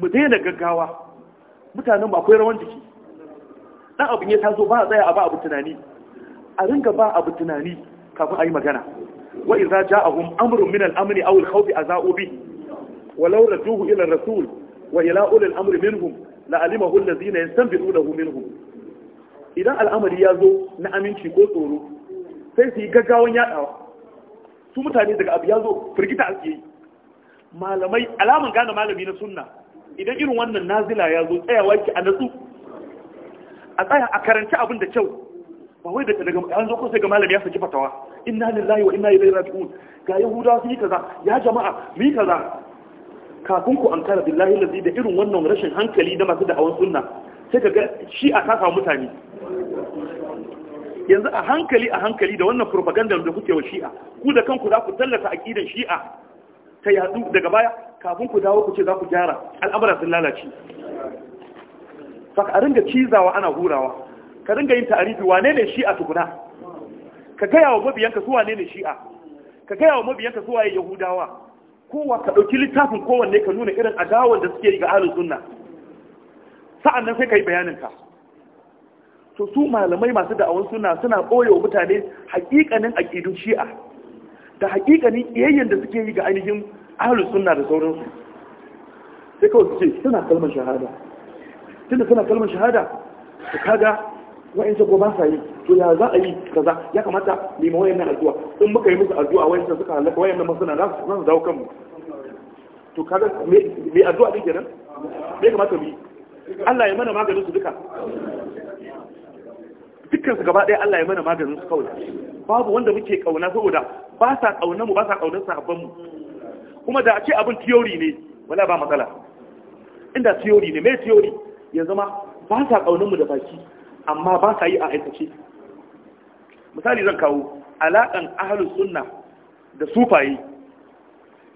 mu daina gaggawa mutanen ba akwai rawan jiki dan abin ya taso ba a tsaya a ba abin tunani a ringa ba abin tunani kafin a yi magana wa idza ja'ahum amrun min al-amri aw al-khawfi aza'u bi walau raduhu ila ar-rasul wa ila ulil amri minhum la'alimahu allazina yastanbidunahu minhum idan al'amari ya zo na aminci ko tsoro sai su yi gaggawan yadawa su mutane daga abu ya zo firgita ake yi malamai alaman gane malami na sunna idan irin wannan nazila ya zo tsayawa ki a natsu a tsaya a karanci abin da kyau ba wai daga daga an ko sai ga malami ya saki fatawa inna lillahi wa inna ilaihi raji'un ga yahudawa su yi kaza ya jama'a mu kaza kafin ku an kara billahi lazi da irin wannan rashin hankali na masu da'awan sunna sai ka ga shi a kafa mutane yanzu a hankali a hankali da wannan propaganda da kuke wa shi'a ku da kanku za ku tallata aqidan shi'a ta yadu daga baya kafin ku dawo ku ce za ku gyara al'amura sun lalace saka a ringa cizawa ana hurawa ka ringa yin ta'arifi wane ne shi'a tukuna ka gaya wa mabiyanka su wane ne shi'a ka gaya wa mabiyanka su waye yahudawa kowa ka ɗauki littafin kowanne ka nuna irin adawar da suke yi ga ahlus sunna sa'an nan sai ka yi bayaninka to su malamai masu da'awun suna suna ɓoye wa mutane haƙiƙanin aƙidun shi'a da haƙiƙanin ƙiyayyen da suke yi ga ainihin ahalus suna da sauransu sai kawai su ce suna kalmar shahada tunda suna kalmar shahada su kaga wa'ancan ko ba sa yi to ya za a yi kaza ya kamata mu yi wayannan addu'a in muka yi musu addu'a su suka halaka wayannan masana za su dawo kanmu to kaga me addu'a din kenan me kamata mu yi Allah ya mana maganin su duka dukkan su gaba ɗaya Allah ya mana maganin su kawai babu wanda muke kauna saboda ba sa kaunar mu ba sa kaunar sahabban mu kuma da a ce abin theory ne wala ba matsala inda theory ne me theory ya zama ba sa kaunar mu da baki amma ba sa yi a aikace misali zan kawo alaƙan ahalus sunna da sufaye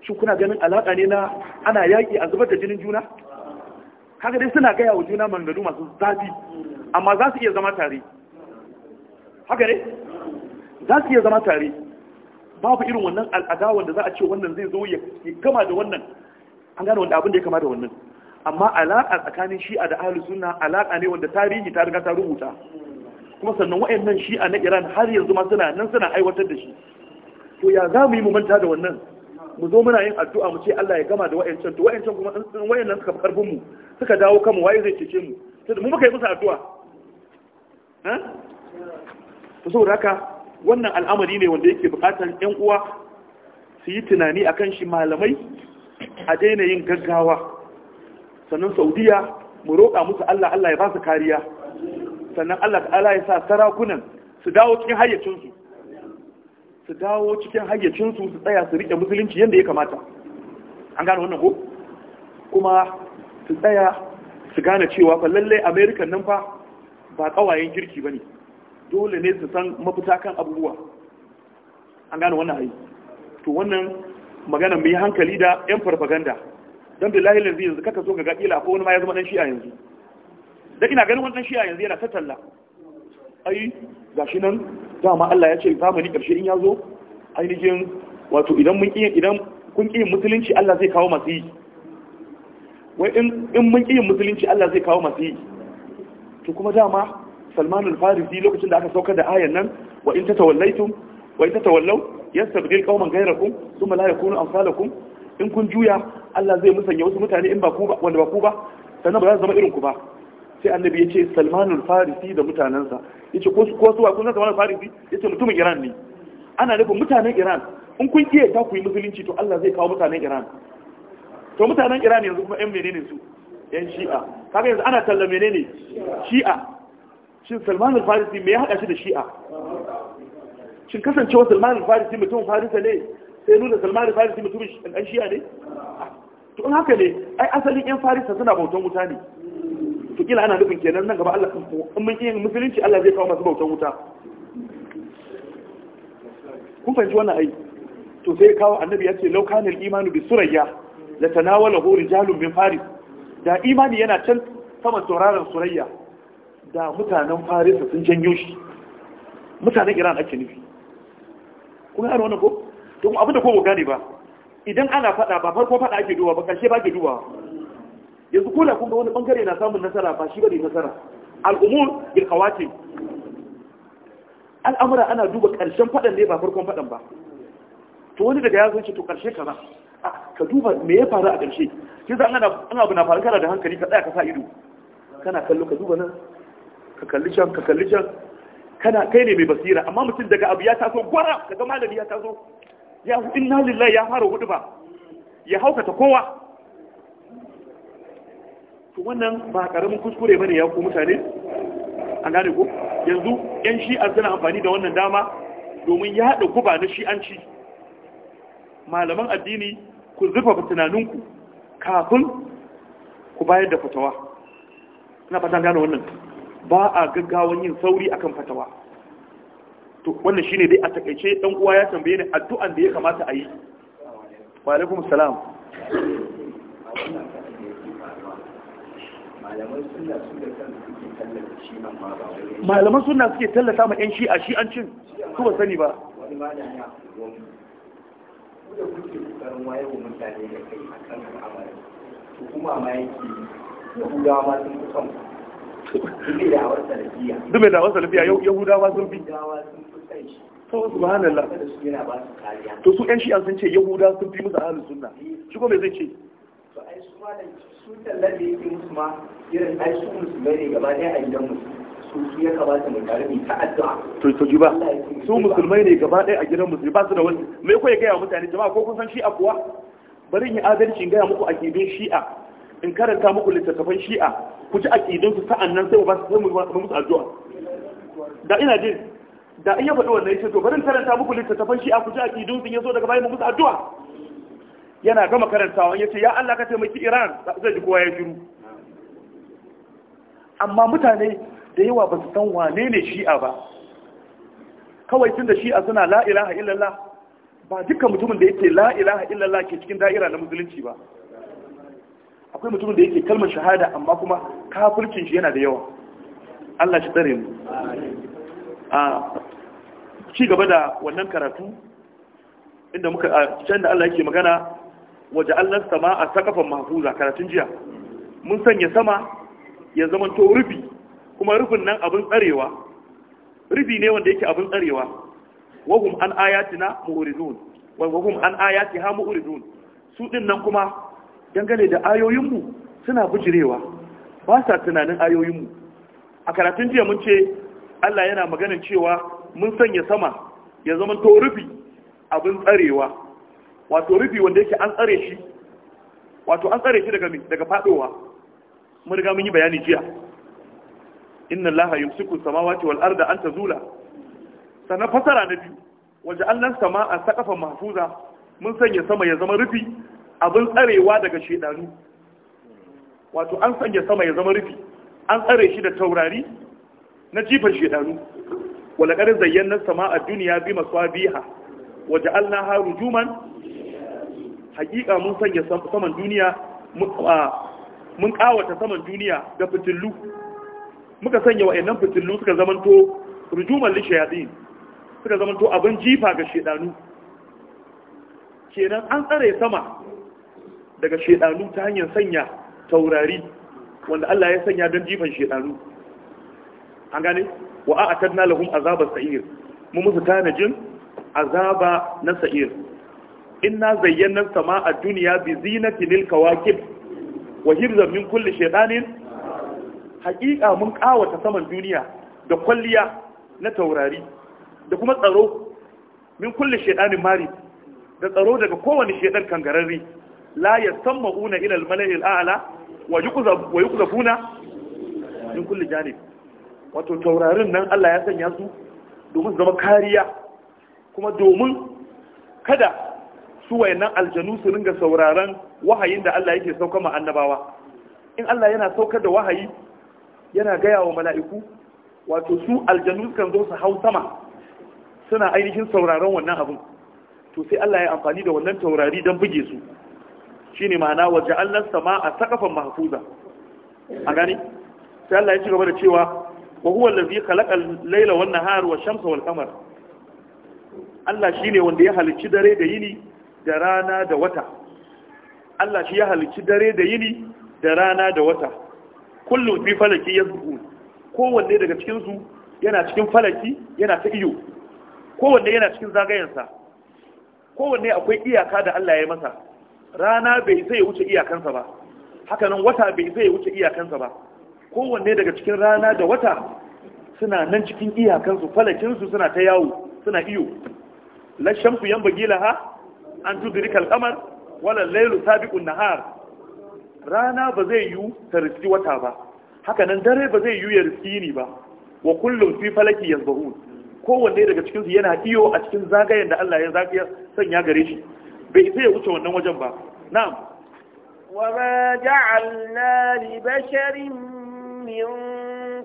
shi kuna ganin alaƙa ne na ana yaƙi a zubar da jinin juna kaga dai suna gaya wa juna mangadu masu zafi amma za su iya zama tare haka dai za su iya zama tare babu irin wannan al'ada wanda za a ce wannan zai zo ya kama da wannan an gane wanda abin da ya kama da wannan amma alaƙa tsakanin shi'a da ahli sunna alaƙa ne wanda tarihi ta riga ta rubuta kuma sannan wayannan shi'a na Iran har yanzu ma suna nan suna aiwatar da shi to ya za mu yi mu manta da wannan mu zo muna yin addu'a mu ce Allah ya gama da wa'ancan. to wa'ancan kuma sun wayannan suka karbin mu suka dawo kanmu waye zai cece mu sai mu muka yi musu addu'a eh to saboda haka wannan al'amari ne wanda yake bukatar 'yan uwa su yi tunani akan shi malamai a daina yin gaggawa sannan saudiya mu roƙa musu allah allah ya ba su kariya sannan allah ta'ala ya sa sarakunan su dawo cikin hayyacinsu su dawo cikin hayyacinsu su tsaya su riƙe musulunci yadda ya kamata an gane wannan ko kuma su tsaya su gane cewa fa lallai america nan fa ba kawayen kirki ba ne dole ne su san mafita kan abubuwa an gane wannan hayi to wannan magana mai hankali da 'yan farfaganda don billahi lalzi yanzu kaka so ga gaƙila ko wani ma ya zama ɗan shi'a yanzu da ina ganin ɗan shi'a yanzu yana tattalla. Ai ga shi nan dama Allah ya ce zamani ƙarshe in ya zo ainihin wato idan mun kiyin idan kun kiyin musulunci Allah zai kawo masu yi wai in mun kiyin musulunci Allah zai kawo masu yi to kuma dama Salman al-Farisi lokacin da aka saukar da ayan nan wa in tatawallaitum wa in tatawallaw yastabdil qauman ghayrakum thumma la yakunu amsalakum in kun juya Allah zai musanya wasu mutane in ba ku ba wanda ba ku ba sannan ba za su zama irin ku ba sai annabi ya ce salmanul farisi da mutanensa ya ce ko su wa kun san salmanul farisi ya ce mutumin iran ne ana nufin mutanen iran in kun iya ta ku yi musulunci to Allah zai kawo mutanen iran to mutanen iran yanzu kuma yan menene su yan shi'a kaga yanzu ana talla menene shi'a shin salmanul farisi me ya haɗa shi da shi'a shin kasancewa salmanul farisi mutum farisa ne sai nuna salmari farisi mutumin ɗan shiya ne to in haka ne ai asalin yan farisa suna bautan wuta ne to kila ana nufin kenan nan gaba Allah in mun yin musulunci Allah zai kawo masu bautan wuta kun fahimci wannan ai to sai kawo annabi ya ce law kana al-imanu bi surayya la tanawala hu rijalun min faris da imani yana can sama tauraron surayya da mutanen farisa sun janyo shi mutanen iran ake nufi kun ga wannan ko to abu da kowa gane ba idan ana fada ba farko fada ake duwa ba karshe ba ke duwa yanzu ko da kuma wani bangare na samun nasara ba shi bane nasara al'umur bil khawatim al'amura ana duba karshen fadan ne ba farkon fadan ba to wani daga ya zo ce to karshe kaza ka duba me ya faru a karshe kin san ana ana abu na faru kana da hankali ka tsaya ka sa ido kana kallo ka duba nan ka kalli can ka kalli can kana kai ne mai basira amma mutum daga abu ya taso gwara kaga malami ya taso ya inna lillahi ya fara hudu ba ya haukata kowa to wannan ba karamin kuskure bane ya ku mutane an gane ku yanzu yan shi'a suna amfani da wannan dama domin ya haɗa guba na shi'anci malaman addini ku zufa tunaninku kafin ku bayar da fatawa na fatan gane wannan ba a gaggawan yin sauri akan fatawa to wannan shine dai a takaice dan uwa ya tambaye ni addu'an da ya kamata a yi wa alaikum salam malaman suna suke tallata ma 'yan an cin, su ba sani ba da a kan al'amarin yahudawa sun fi da yahudawa sun fi yahudawa sun fi to subhanallah yana to su yan shi'a sun ce yahuda sun fi musu ahlus sunna shi ko me zai ce to ai su malam su tallabe yake musu ma irin ai su musulmai ne gaba ɗaya a gidan musu su ya kamata mu tare mu ta'addu'a to to ji ba su musulmai ne gaba ɗaya a gidan musulmi ba su da wani me ko ya gaya mutane jama'a ko kun san shi'a kuwa bari in yi adalci in gaya muku akidun shi'a in karanta muku littattafan shi'a ku ji akidun su sa'an nan sai mu ba su mu musu addu'a da ina jin da iya faɗi wannan ce to bari karanta muku littattafan shi a kuji a kidun sun yazo daga bayan mu musu addu'a yana gama karantawa yace ya Allah ka taimaki Iran zai ji kowa ya jiru. amma mutane da yawa ba su san wane ne shi'a ba kawai tun da shi'a suna la ilaha illallah ba dukkan mutumin da yake la ilaha illallah ke cikin da'ira na musulunci ba akwai mutumin da yake kalmar shahada amma kuma kafircin shi yana da yawa Allah shi tsare mu a ci gaba da wannan karatu inda muka a can da Allah yake magana waje Allah sama a sakafan mahfuza karatun jiya mun sanya sama ya zama to rufi kuma rufin nan abin tsarewa rufi ne wanda yake abin tsarewa wahum an ayatina mu'ridun wa wahum an ayatiha mu'ridun su din nan kuma dangane da ayoyin mu suna bujirewa ba sa tunanin mu a karatun jiya mun ce Allah yana maganin cewa mun sanya sama ya zama to rufi abin tsarewa wato rufi wanda yake an tsare shi wato an tsare shi daga daga fadowa mun riga mun yi bayani jiya inna allaha yumsiku samawati wal arda an tazula sana fasara na biyu waje allan sama a sakafan mahfuza mun sanya sama ya zama rufi abin tsarewa daga shedanu wato an sanya sama ya zama rufi an tsare shi da taurari na jifan shedanu wala qad zayyana as-samaa a dunya bi waje wa Haru rujuman Hakika mun sanya saman duniya mun kawata saman duniya da fitillu muka sanya wa'annan fitillu suka zamanto rujuman lishayatin suka zamanto abin jifa ga shedanu kenan an tsare sama daga shedanu ta hanyar sanya taurari wanda Allah ya sanya don jifan shedanu an gane wa a atadna lahum azabar sa'ir mu musu tanajin azaba na sa'ir inna zayyana sama'a duniya bi zinatin lil kawakib wa hibzan min kulli shaytanin haqiqa mun kawata saman duniya da kwalliya na taurari da kuma tsaro min kulli shaytanin mari da tsaro daga kowane shaytan kangararri la yasammauna ila al-mala'il a'la wa yuqzafuna min kulli janib wato taurarin nan Allah ya sanya su domin zama kariya kuma domin kada su wayannan aljanu su ringa sauraron wahayin da Allah yake sauka ma annabawa in Allah yana saukar da wahayi yana gaya wa mala'iku wato su aljanu kan zo su hau sama suna ainihin sauraron wannan abin to sai Allah ya amfani da wannan taurari don buge su shine ma'ana waje Allah sama a mahfuza a gani sai Allah ya ci gaba da cewa wa huwa allazi khalaqa al layla wan nahara wa shamsa wal qamar Allah shine wanda ya halicci dare da yini da rana da wata Allah shi ya halicci dare da yini da rana da wata kullum fi falaki yazbu kowanne daga cikin su yana cikin falaki yana ta iyo kowanne yana cikin zagayensa kowanne akwai iyaka da Allah ya masa rana bai sai ya wuce iyakansa ba hakanan wata bai sai ya wuce iyakansa ba kowanne daga cikin rana da wata suna nan cikin iyakansu falakinsu suna ta yawo suna iyo ku yan bagila ha an tudrika al-qamar lailu sabiqun nahar rana ba zai yi ta riski wata ba haka nan dare ba zai yi ya riski ni ba wa kullum fi falaki yanzu. kowanne daga cikinsu yana iyo a cikin zagayen da Allah ya zagaya sanya gare shi bai sai ya wuce wannan wajen ba na'am wa ja'alna li basharin من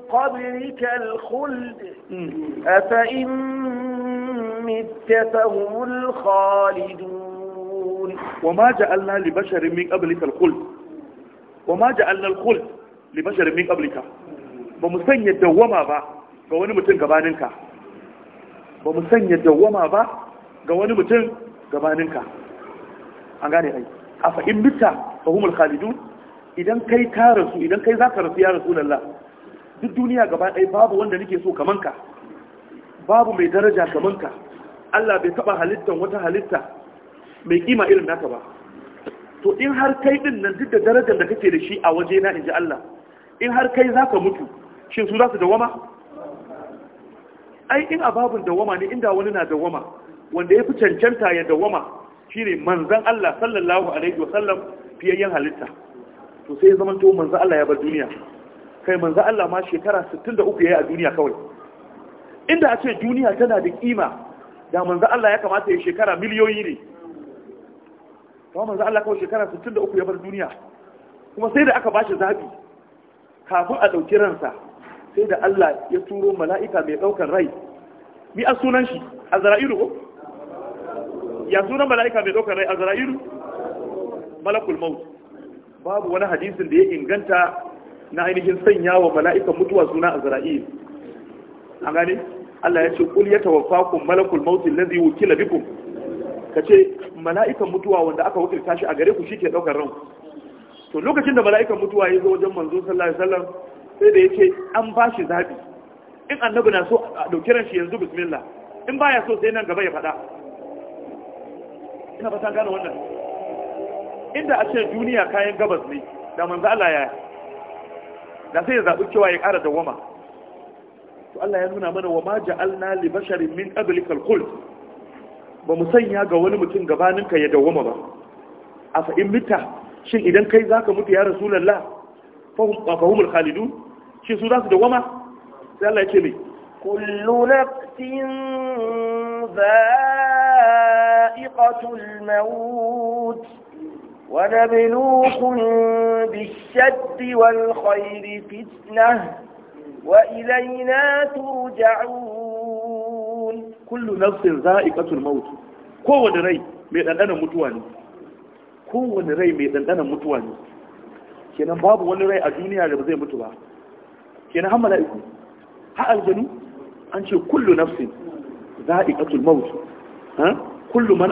قبلك الخلد أفإن مت فهم الخالدون وما جعلنا لبشر من قبلك الخلد وما جعلنا الخلد لبشر من قبلك بمسن يدوما با ga wani mutum gabaninka ba mu sanya dawwama ba ga wani mutum gabaninka an gane ai idan kai ka rasu idan kai zaka rasu ya rasulullah duk duniya gaba ɗaya babu wanda nake so kaman ka babu mai daraja kaman ka Allah bai taba halittan wata halitta mai kima irin naka ba to in har kai din nan duk da darajar da kake da shi a waje na inji Allah in har kai zaka mutu shin su za su dawama ai in ababun dawama ne inda wani na dawama wanda ya fi cancanta ya dawama shine manzon Allah sallallahu alaihi wasallam fiyayyen halitta to sai zama to manzo Allah ya bar duniya kai manzo Allah ma shekara 63 yayi a duniya kawai inda a ce duniya tana da kima da manzo Allah ya kamata ya shekara miliyoyi ne to manzo Allah kawai shekara 63 ya bar duniya kuma sai da aka bashi zabi kafin a dauki ransa sai da Allah ya turo mala'ika mai daukar rai mi a sunan shi azra'ilu ko ya sunan mala'ika mai daukar rai azra'ilu malakul maut babu wani hadisin da ya inganta na ainihin sanya wa mala'ikan mutuwa suna azra'il an gani? Allah ya ce kul ya ku malakul mautin lazi wukila bikum ce mala'ikan mutuwa wanda aka wakilta shi a gare ku shi ke ɗaukar ran to lokacin da mala'ikan mutuwa ya zo wajen manzo sallallahu alaihi sai da yace an bashi zaɓi. in annabi na so a dauki ran shi yanzu bismillah in baya so sai nan gaba ya faɗa ina fata gane wannan inda a ce duniya kayan gabas ne da manzo Allah ya da sai ya zaɓi cewa ya ƙara wama, to Allah ya nuna mana wa ma ja'alna li basharin min qablikal khuld ba mu sanya ga wani mutum gabaninka ya dawama ba a fa'in mita shin idan kai zaka mutu ya rasulullah fa humul khalidun shi su zasu su dawama sai Allah ya ce mai kullu nafsin za'iqatul maut ونبلوكم بالشد والخير فتنة وإلينا ترجعون كل نفس ذائقة الموت كو ري ميدان متواني كون ري ميدان متواني kenan babu wani rai a duniya da ba zai mutu ba kenan har iku. Ha aljanu an ce kullu nafsin za'iqatul maut ha kullu man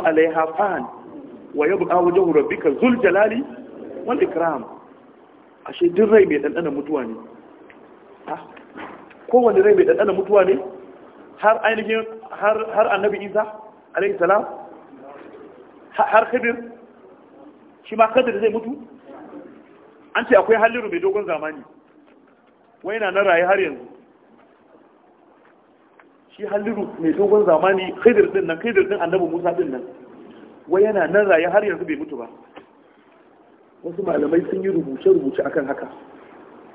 wa yabqa wajhu rabbika zul jalali wal ikram ashe duk rai mai dandana mutuwa ne Ko wani rai mai dandana mutuwa ne har ainihin har annabi Isa alayhi salam har Khidir shi ma Khidir zai mutu an ce akwai halliru mai dogon zamani wai na na raye har yanzu shi halliru mai dogon zamani khidir din nan khidir din annabi Musa din nan wai yana nan raye har yanzu bai mutu ba wasu malamai sun yi rubuce-rubuce akan haka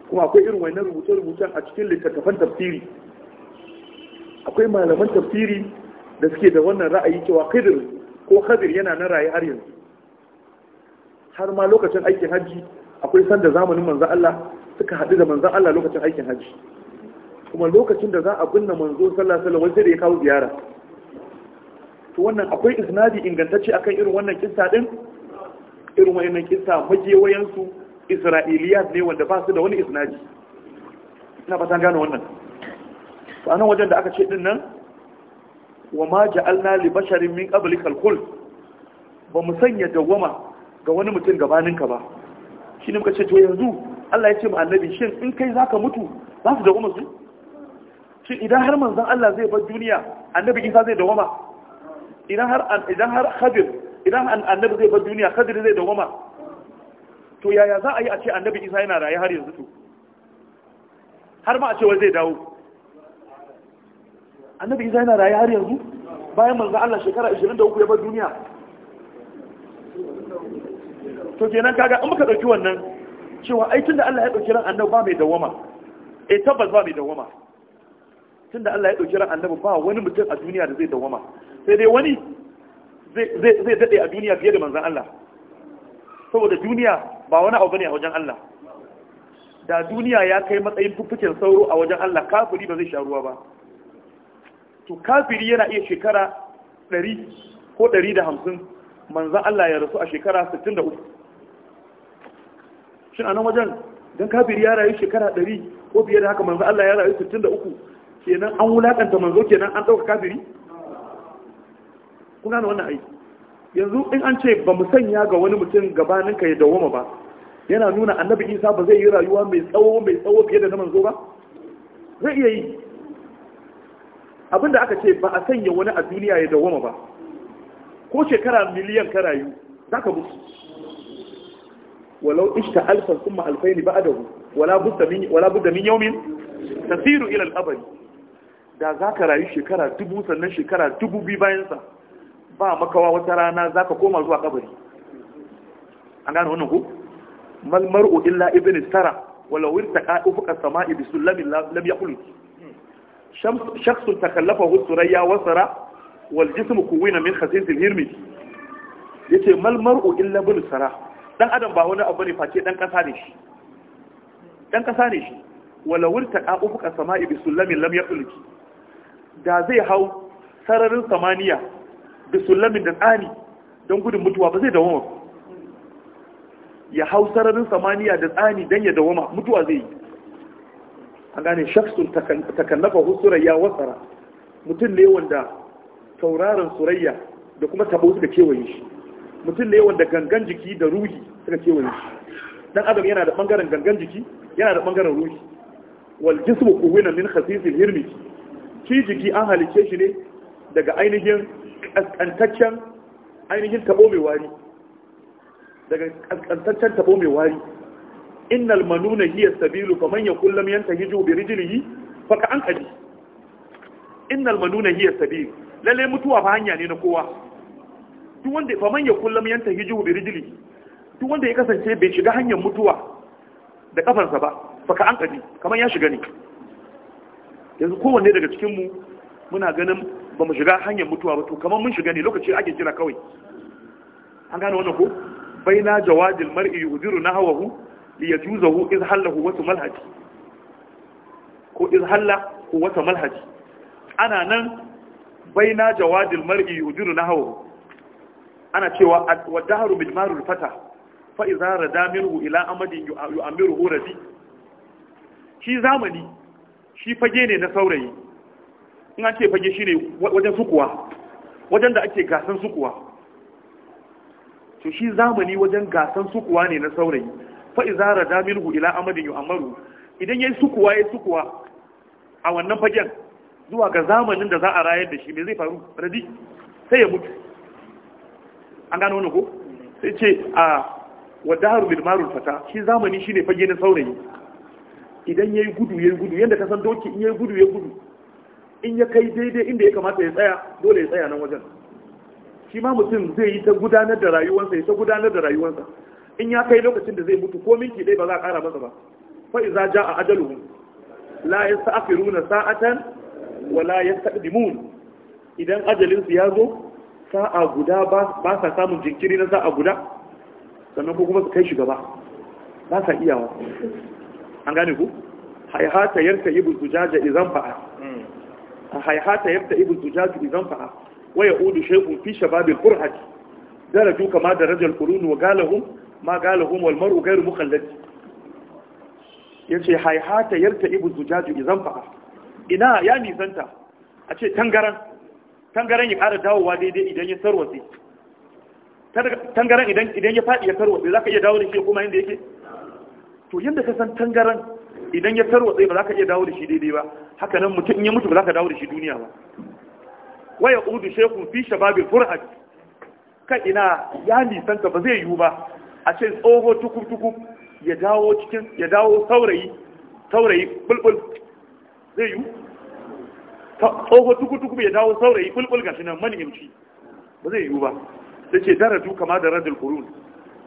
kuma akwai irin wannan rubuce-rubucen a cikin littattafan tafsiri akwai malaman tafsiri da suke da wannan ra'ayi cewa kadir ko kadir yana nan raye har yanzu har ma lokacin aikin hajji akwai sanda zamanin manzo Allah suka haɗu da manzo Allah lokacin aikin hajji kuma lokacin da za a binne manzo sallallahu alaihi wasallam sai da ya kawo ziyara to wannan akwai isnadi ingantacce akan irin wannan kissa din irin wannan kissa majewayan su isra'iliyat ne wanda ba su da wani isnadi ina fata gane wannan to anan wajen da aka ce din nan wa ma ja'alna li basharin min qablika al khul ba mu sanya dawama ga wani mutum ka ba shi ne muka ce to yanzu Allah ya ce ma annabi shin in kai zaka mutu za su dawama su shin idan har manzon Allah zai bar duniya annabi Isa zai dawama idan har idan har khadir idan annabi zai bar duniya khadir zai dawama to yaya za a yi a ce annabi isa yana raye har yanzu to har ma a ce wai zai dawo annabi isa yana raye har yanzu bayan manzo Allah shekara 23 ya bar duniya to kenan kaga in muka dauki wannan cewa ai tunda Allah ya dauki ran annabi ba mai dawama eh tabbas ba mai dawama tunda Allah ya dauki ran annabi ba wani mutum a duniya da zai dawoma sai dai wani zai daɗe a duniya fiye da manzan Allah saboda duniya ba wani abu ne a wajen Allah da duniya ya kai matsayin fuffuken sauro a wajen Allah kafiri ba zai sha ruwa ba to kafiri yana iya shekara 100 ko 150 manzan Allah ya rasu a shekara 63 shin anan wajen don kafiri ya rayu shekara 100 ko biyar da haka manzan Allah ya rayu 63 kenan an wulakanta manzo kenan an ɗauka kafiri kun gane wannan aiki yanzu in an ce ba mu sanya ga wani mutum gabanin ka ya dawoma ba yana nuna annabi isa ba zai yi rayuwa mai tsawo mai tsawo fiye da na manzo ba zai iya yi abinda aka ce ba a sanya wani a duniya ya dawoma ba ko shekara miliyan ka rayu za ka mutu walau ishta alfan sun ma'alfai ne ba'adahu wala budda min yaumin tafiru ilal abari da za ka rayu shekara dubu sannan shekara dubu biyu bayansa ba makawa wata rana za ka koma zuwa kabari an gane wannan ku mal mar'u illa ibn tara wala wirtaqa ufuqa sama'i bi sullamin lam Shaksun shakhs takallafahu suraya wa sara wal jism kuwina min khasis al hirmi yace mal mar'u illa ibn sara. dan adam ba wani abu ne face dan kasa ne shi dan kasa ne shi wala wirtaqa ufuqa sama'i bi sullamin lam yaqul da zai hau sararin samaniya da sullamin da tsari don gudun mutuwa ba zai dawoma ya hau sararin samaniya da tsani don ya dawoma mutuwa zai yi a gane shaksun takallafa surayya wasara mutum ne wanda tauraron surayya da kuma tabo suka kewaye shi mutum ne wanda gangan jiki da ruhi suka kewaye shi dan adam yana da bangaren gangan jiki yana da bangaren ruhi wal jismu kuwina min khasisil hirmi ki jiki an halice shi ne daga ainihin kaskantaccen ainihin tabo mai wari daga kaskantaccen tabo mai wari innal manuna hiya sabilu faman yakul lam yantahi ju bi rijlihi fa ka anqadi innal manuna hiya sabil lalle mutuwa fa hanya ne na kowa duk wanda faman yakul lam yantahi ju bi rijlihi duk wanda ya kasance bai shiga hanyar mutuwa da kafarsa ba fa ka anqadi Kamar ya shiga ne yanzu kowanne daga cikin mu muna ganin ba mu shiga hanyar mutuwa ba to kamar mun shiga ne lokaci ake kira kawai an gane wannan ko baina jawadil mar'i yuhdiru nahwahu li yajuzahu iz hallahu wa malhaji ko iz halla ko wata malhaji ana nan baina jawadil mar'i yuhdiru nahwahu ana cewa wadaharu marul fata fa idza radamiru ila amadin yu'amiru radi shi zamani shi fage ne na saurayi in an ce fage shine wajen sukuwa wajen da ake gasan sukuwa to shi zamani wajen gasan sukuwa ne na saurayi fa izara rada ila amadin yu'amaru idan yayi sukuwa yayi sukuwa a wannan fagen zuwa ga zamanin da za a rayar da shi me zai faru radi sai ya mutu an gano wannan ko sai ce a wadaru bil marul fata shi zamani shine fage na saurayi idan yayi gudu yayi gudu yanda ka san doki in yayi gudu yayi gudu in ya kai daidai inda ya kamata ya tsaya dole ya tsaya nan wajen shi ma mutum zai yi ta gudanar da rayuwarsa ya ta gudanar da rayuwarsa in ya kai lokacin da zai mutu ko minti ɗaya ba za a ƙara masa ba fa iza ja a ajaluhum la yasta'khiruna sa'atan wa la yastaqdimun idan ajalin su ya zo sa'a guda ba sa samun jinkiri na sa'a guda sannan ko kuma su kai shi gaba ba sa iyawa an gane ku hayata yarta ibul tujaja idan fa'a hayhata yabda ibn tujaj bi zanfaha wa yaudu shaykhun fi shabab al-qurhati daraju kama daraja al-qurun wa galahum ma galahum wal mar'u ghayru mukhallad yace hayhata yarta ibn tujaj bi zanfaha ina ya nisanta a ce tangaran tangaran ya ƙara dawowa daidai idan ya sarwace tangaran idan ya faɗi ya sarwace za ka iya dawo da shi kuma yadda yake to yadda ka san tangaran idan ya tarwatsa ba za ka iya dawo da shi daidai ba haka nan mutum in ya mutu ba za ka dawo da shi duniya ba waya udu shehu fi shababil furhad ka ina ya nisanta ba zai yiwu ba a ce tsoho tukub ya dawo cikin ya dawo saurayi saurayi bulbul zai yiwu tsoho tukub ya dawo saurayi bulbul gashi nan manimci ba zai yiwu ba sai ce daraju kama da radul qurun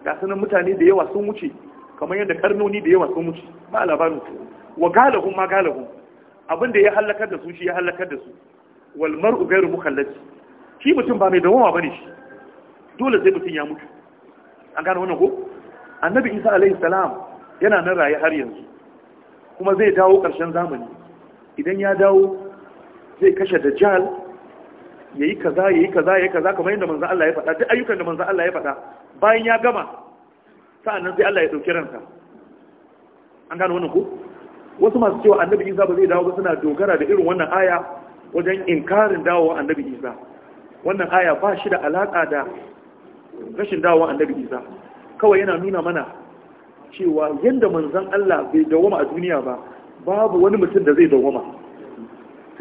ga sanan mutane da yawa sun wuce kamar yadda karnoni da yawa sun mutu ma labarin su wa galahun ma galahun abinda ya halakar da su shi ya halakar da su wal mar'u ghairu shi mutum ba mai dawama bane shi dole sai mutum ya mutu an gane wannan ko annabi Isa alaihi salam yana nan raye har yanzu kuma zai dawo karshen zamani idan ya dawo zai kashe dajjal yayi kaza yayi kaza yayi kaza kamar yadda manzo Allah ya faɗa duk ayyukan da manzo Allah ya faɗa bayan ya gama sa'annan sai Allah ya dauki ransa an gano wannan ku? wasu masu cewa annabi Isa ba zai dawo ba suna dogara da irin wannan aya wajen inkarin dawowa annabi Isa wannan aya ba shi da alaka da rashin dawowa annabi Isa kawai yana nuna mana cewa yadda manzon Allah bai dawoma a duniya ba babu wani mutum da zai dawoma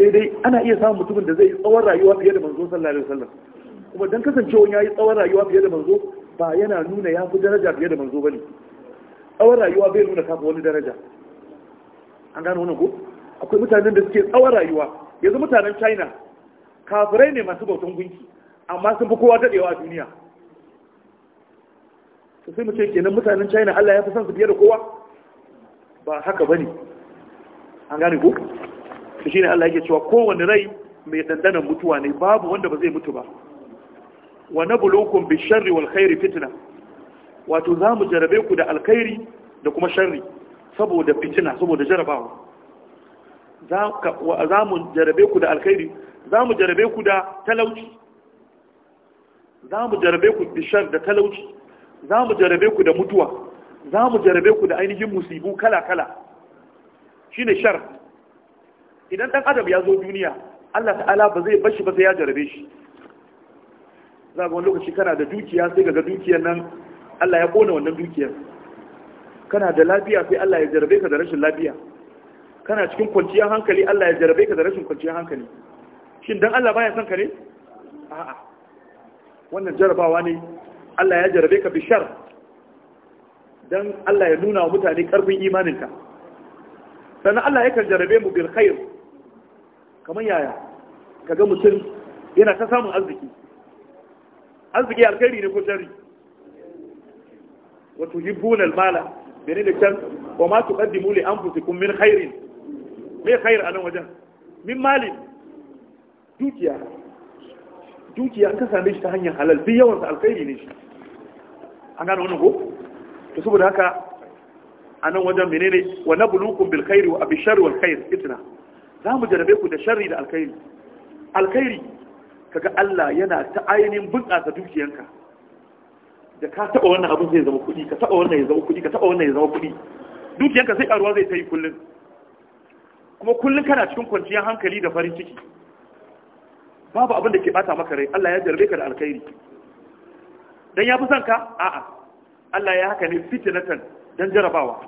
sai dai ana iya samun mutumin da zai tsawon rayuwa fiye da manzo sallallahu alaihi wasallam kuma dan kasancewa yi tsawon rayuwa fiye da manzo ba yana nuna ya fi daraja fiye da manzo bane tsawon rayuwa bai nuna kafa wani daraja an gano wannan ko akwai mutanen da suke tsawon rayuwa yanzu mutanen china kafirai ne masu bautan gunki amma sun fi kowa dadewa a duniya Su sai mu ce kenan mutanen china allah ya fi son su fiye da kowa ba haka bane an gane ko shi ne allah yake cewa kowane rai mai dandanan mutuwa ne babu wanda ba zai mutu ba wa nabluukum bish-sharri wal khairi fitna wato za mu jarabe ku da alkhairi da kuma sharri saboda fitina saboda jarabawa za mu jarabe ku da alkhairi za mu jarabe ku da talauci za mu jarabe ku bishar da talauci za mu jarabe ku da mutuwa za mu jarabe ku da ainihin musibu kala-kala shi ne shar idan ɗan adam ya zo duniya allah ta'ala ba zai bashi ba sai ya jarabe shi za ga wani lokaci kana da dukiya sai ga dukiyar nan Allah ya kona wannan dukiyar kana da lafiya sai Allah ya jarabe ka da rashin lafiya kana cikin kwanciyar hankali Allah ya jarabe ka da rashin kwanciyar hankali shin dan Allah baya son ka ne a'a wannan jarabawa ne Allah ya jarabe ka bishar dan Allah ya nuna wa mutane karfin imaninka sannan Allah ya kan jarabe mu bil khair kamar yaya kaga mutum yana ta samun arziki arziki alkhairi ne ko shari. wa tuhibbuna almala bene da kan wa ma tuqaddimu li anfusikum min khairin me khair anan wajen min mali dukiya dukiya an ka same shi ta hanyar halal bi yawan sa alkhairi ne shi an gano wannan ko to saboda haka anan wajen menene wa nabluukum bil khairi wa bi sharri wal khair fitna za mu jarabe ku da sharri da alkhairi alkhairi kaga Allah yana ta ainihin bunƙasa dukiyanka da ka taɓa wannan abin zai zama kuɗi ka taɓa wannan ya zama kuɗi ka taɓa wannan ya zama kuɗi dukiyanka sai ƙaruwa zai ta yi kullum kuma kullum kana cikin kwanciyar hankali da farin ciki babu abin da ke ɓata maka rai Allah ya jarbe ka da alkhairi dan ya fi son ka a'a Allah ya haka ne fitinatan dan jarabawa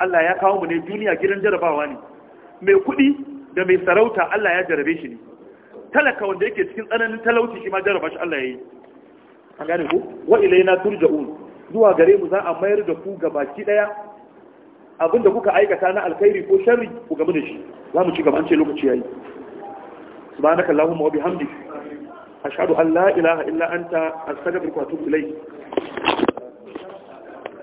Allah ya kawo mu ne duniya gidan jarabawa ne mai kuɗi da mai sarauta Allah ya jarabe shi ne talaka wanda yake cikin tsananin talauci shi ma jarraba shi Allah yi an gane ku wa ilaina turja'un zuwa gare mu za a mayar da ku ga baki daya abinda kuka aikata na alkhairi ko sharri ku gamu da shi za mu ci gaba an ce lokaci yayi subhanaka allahumma wa bihamdika ashhadu an la ilaha illa anta astaghfiruka wa atubu ilayk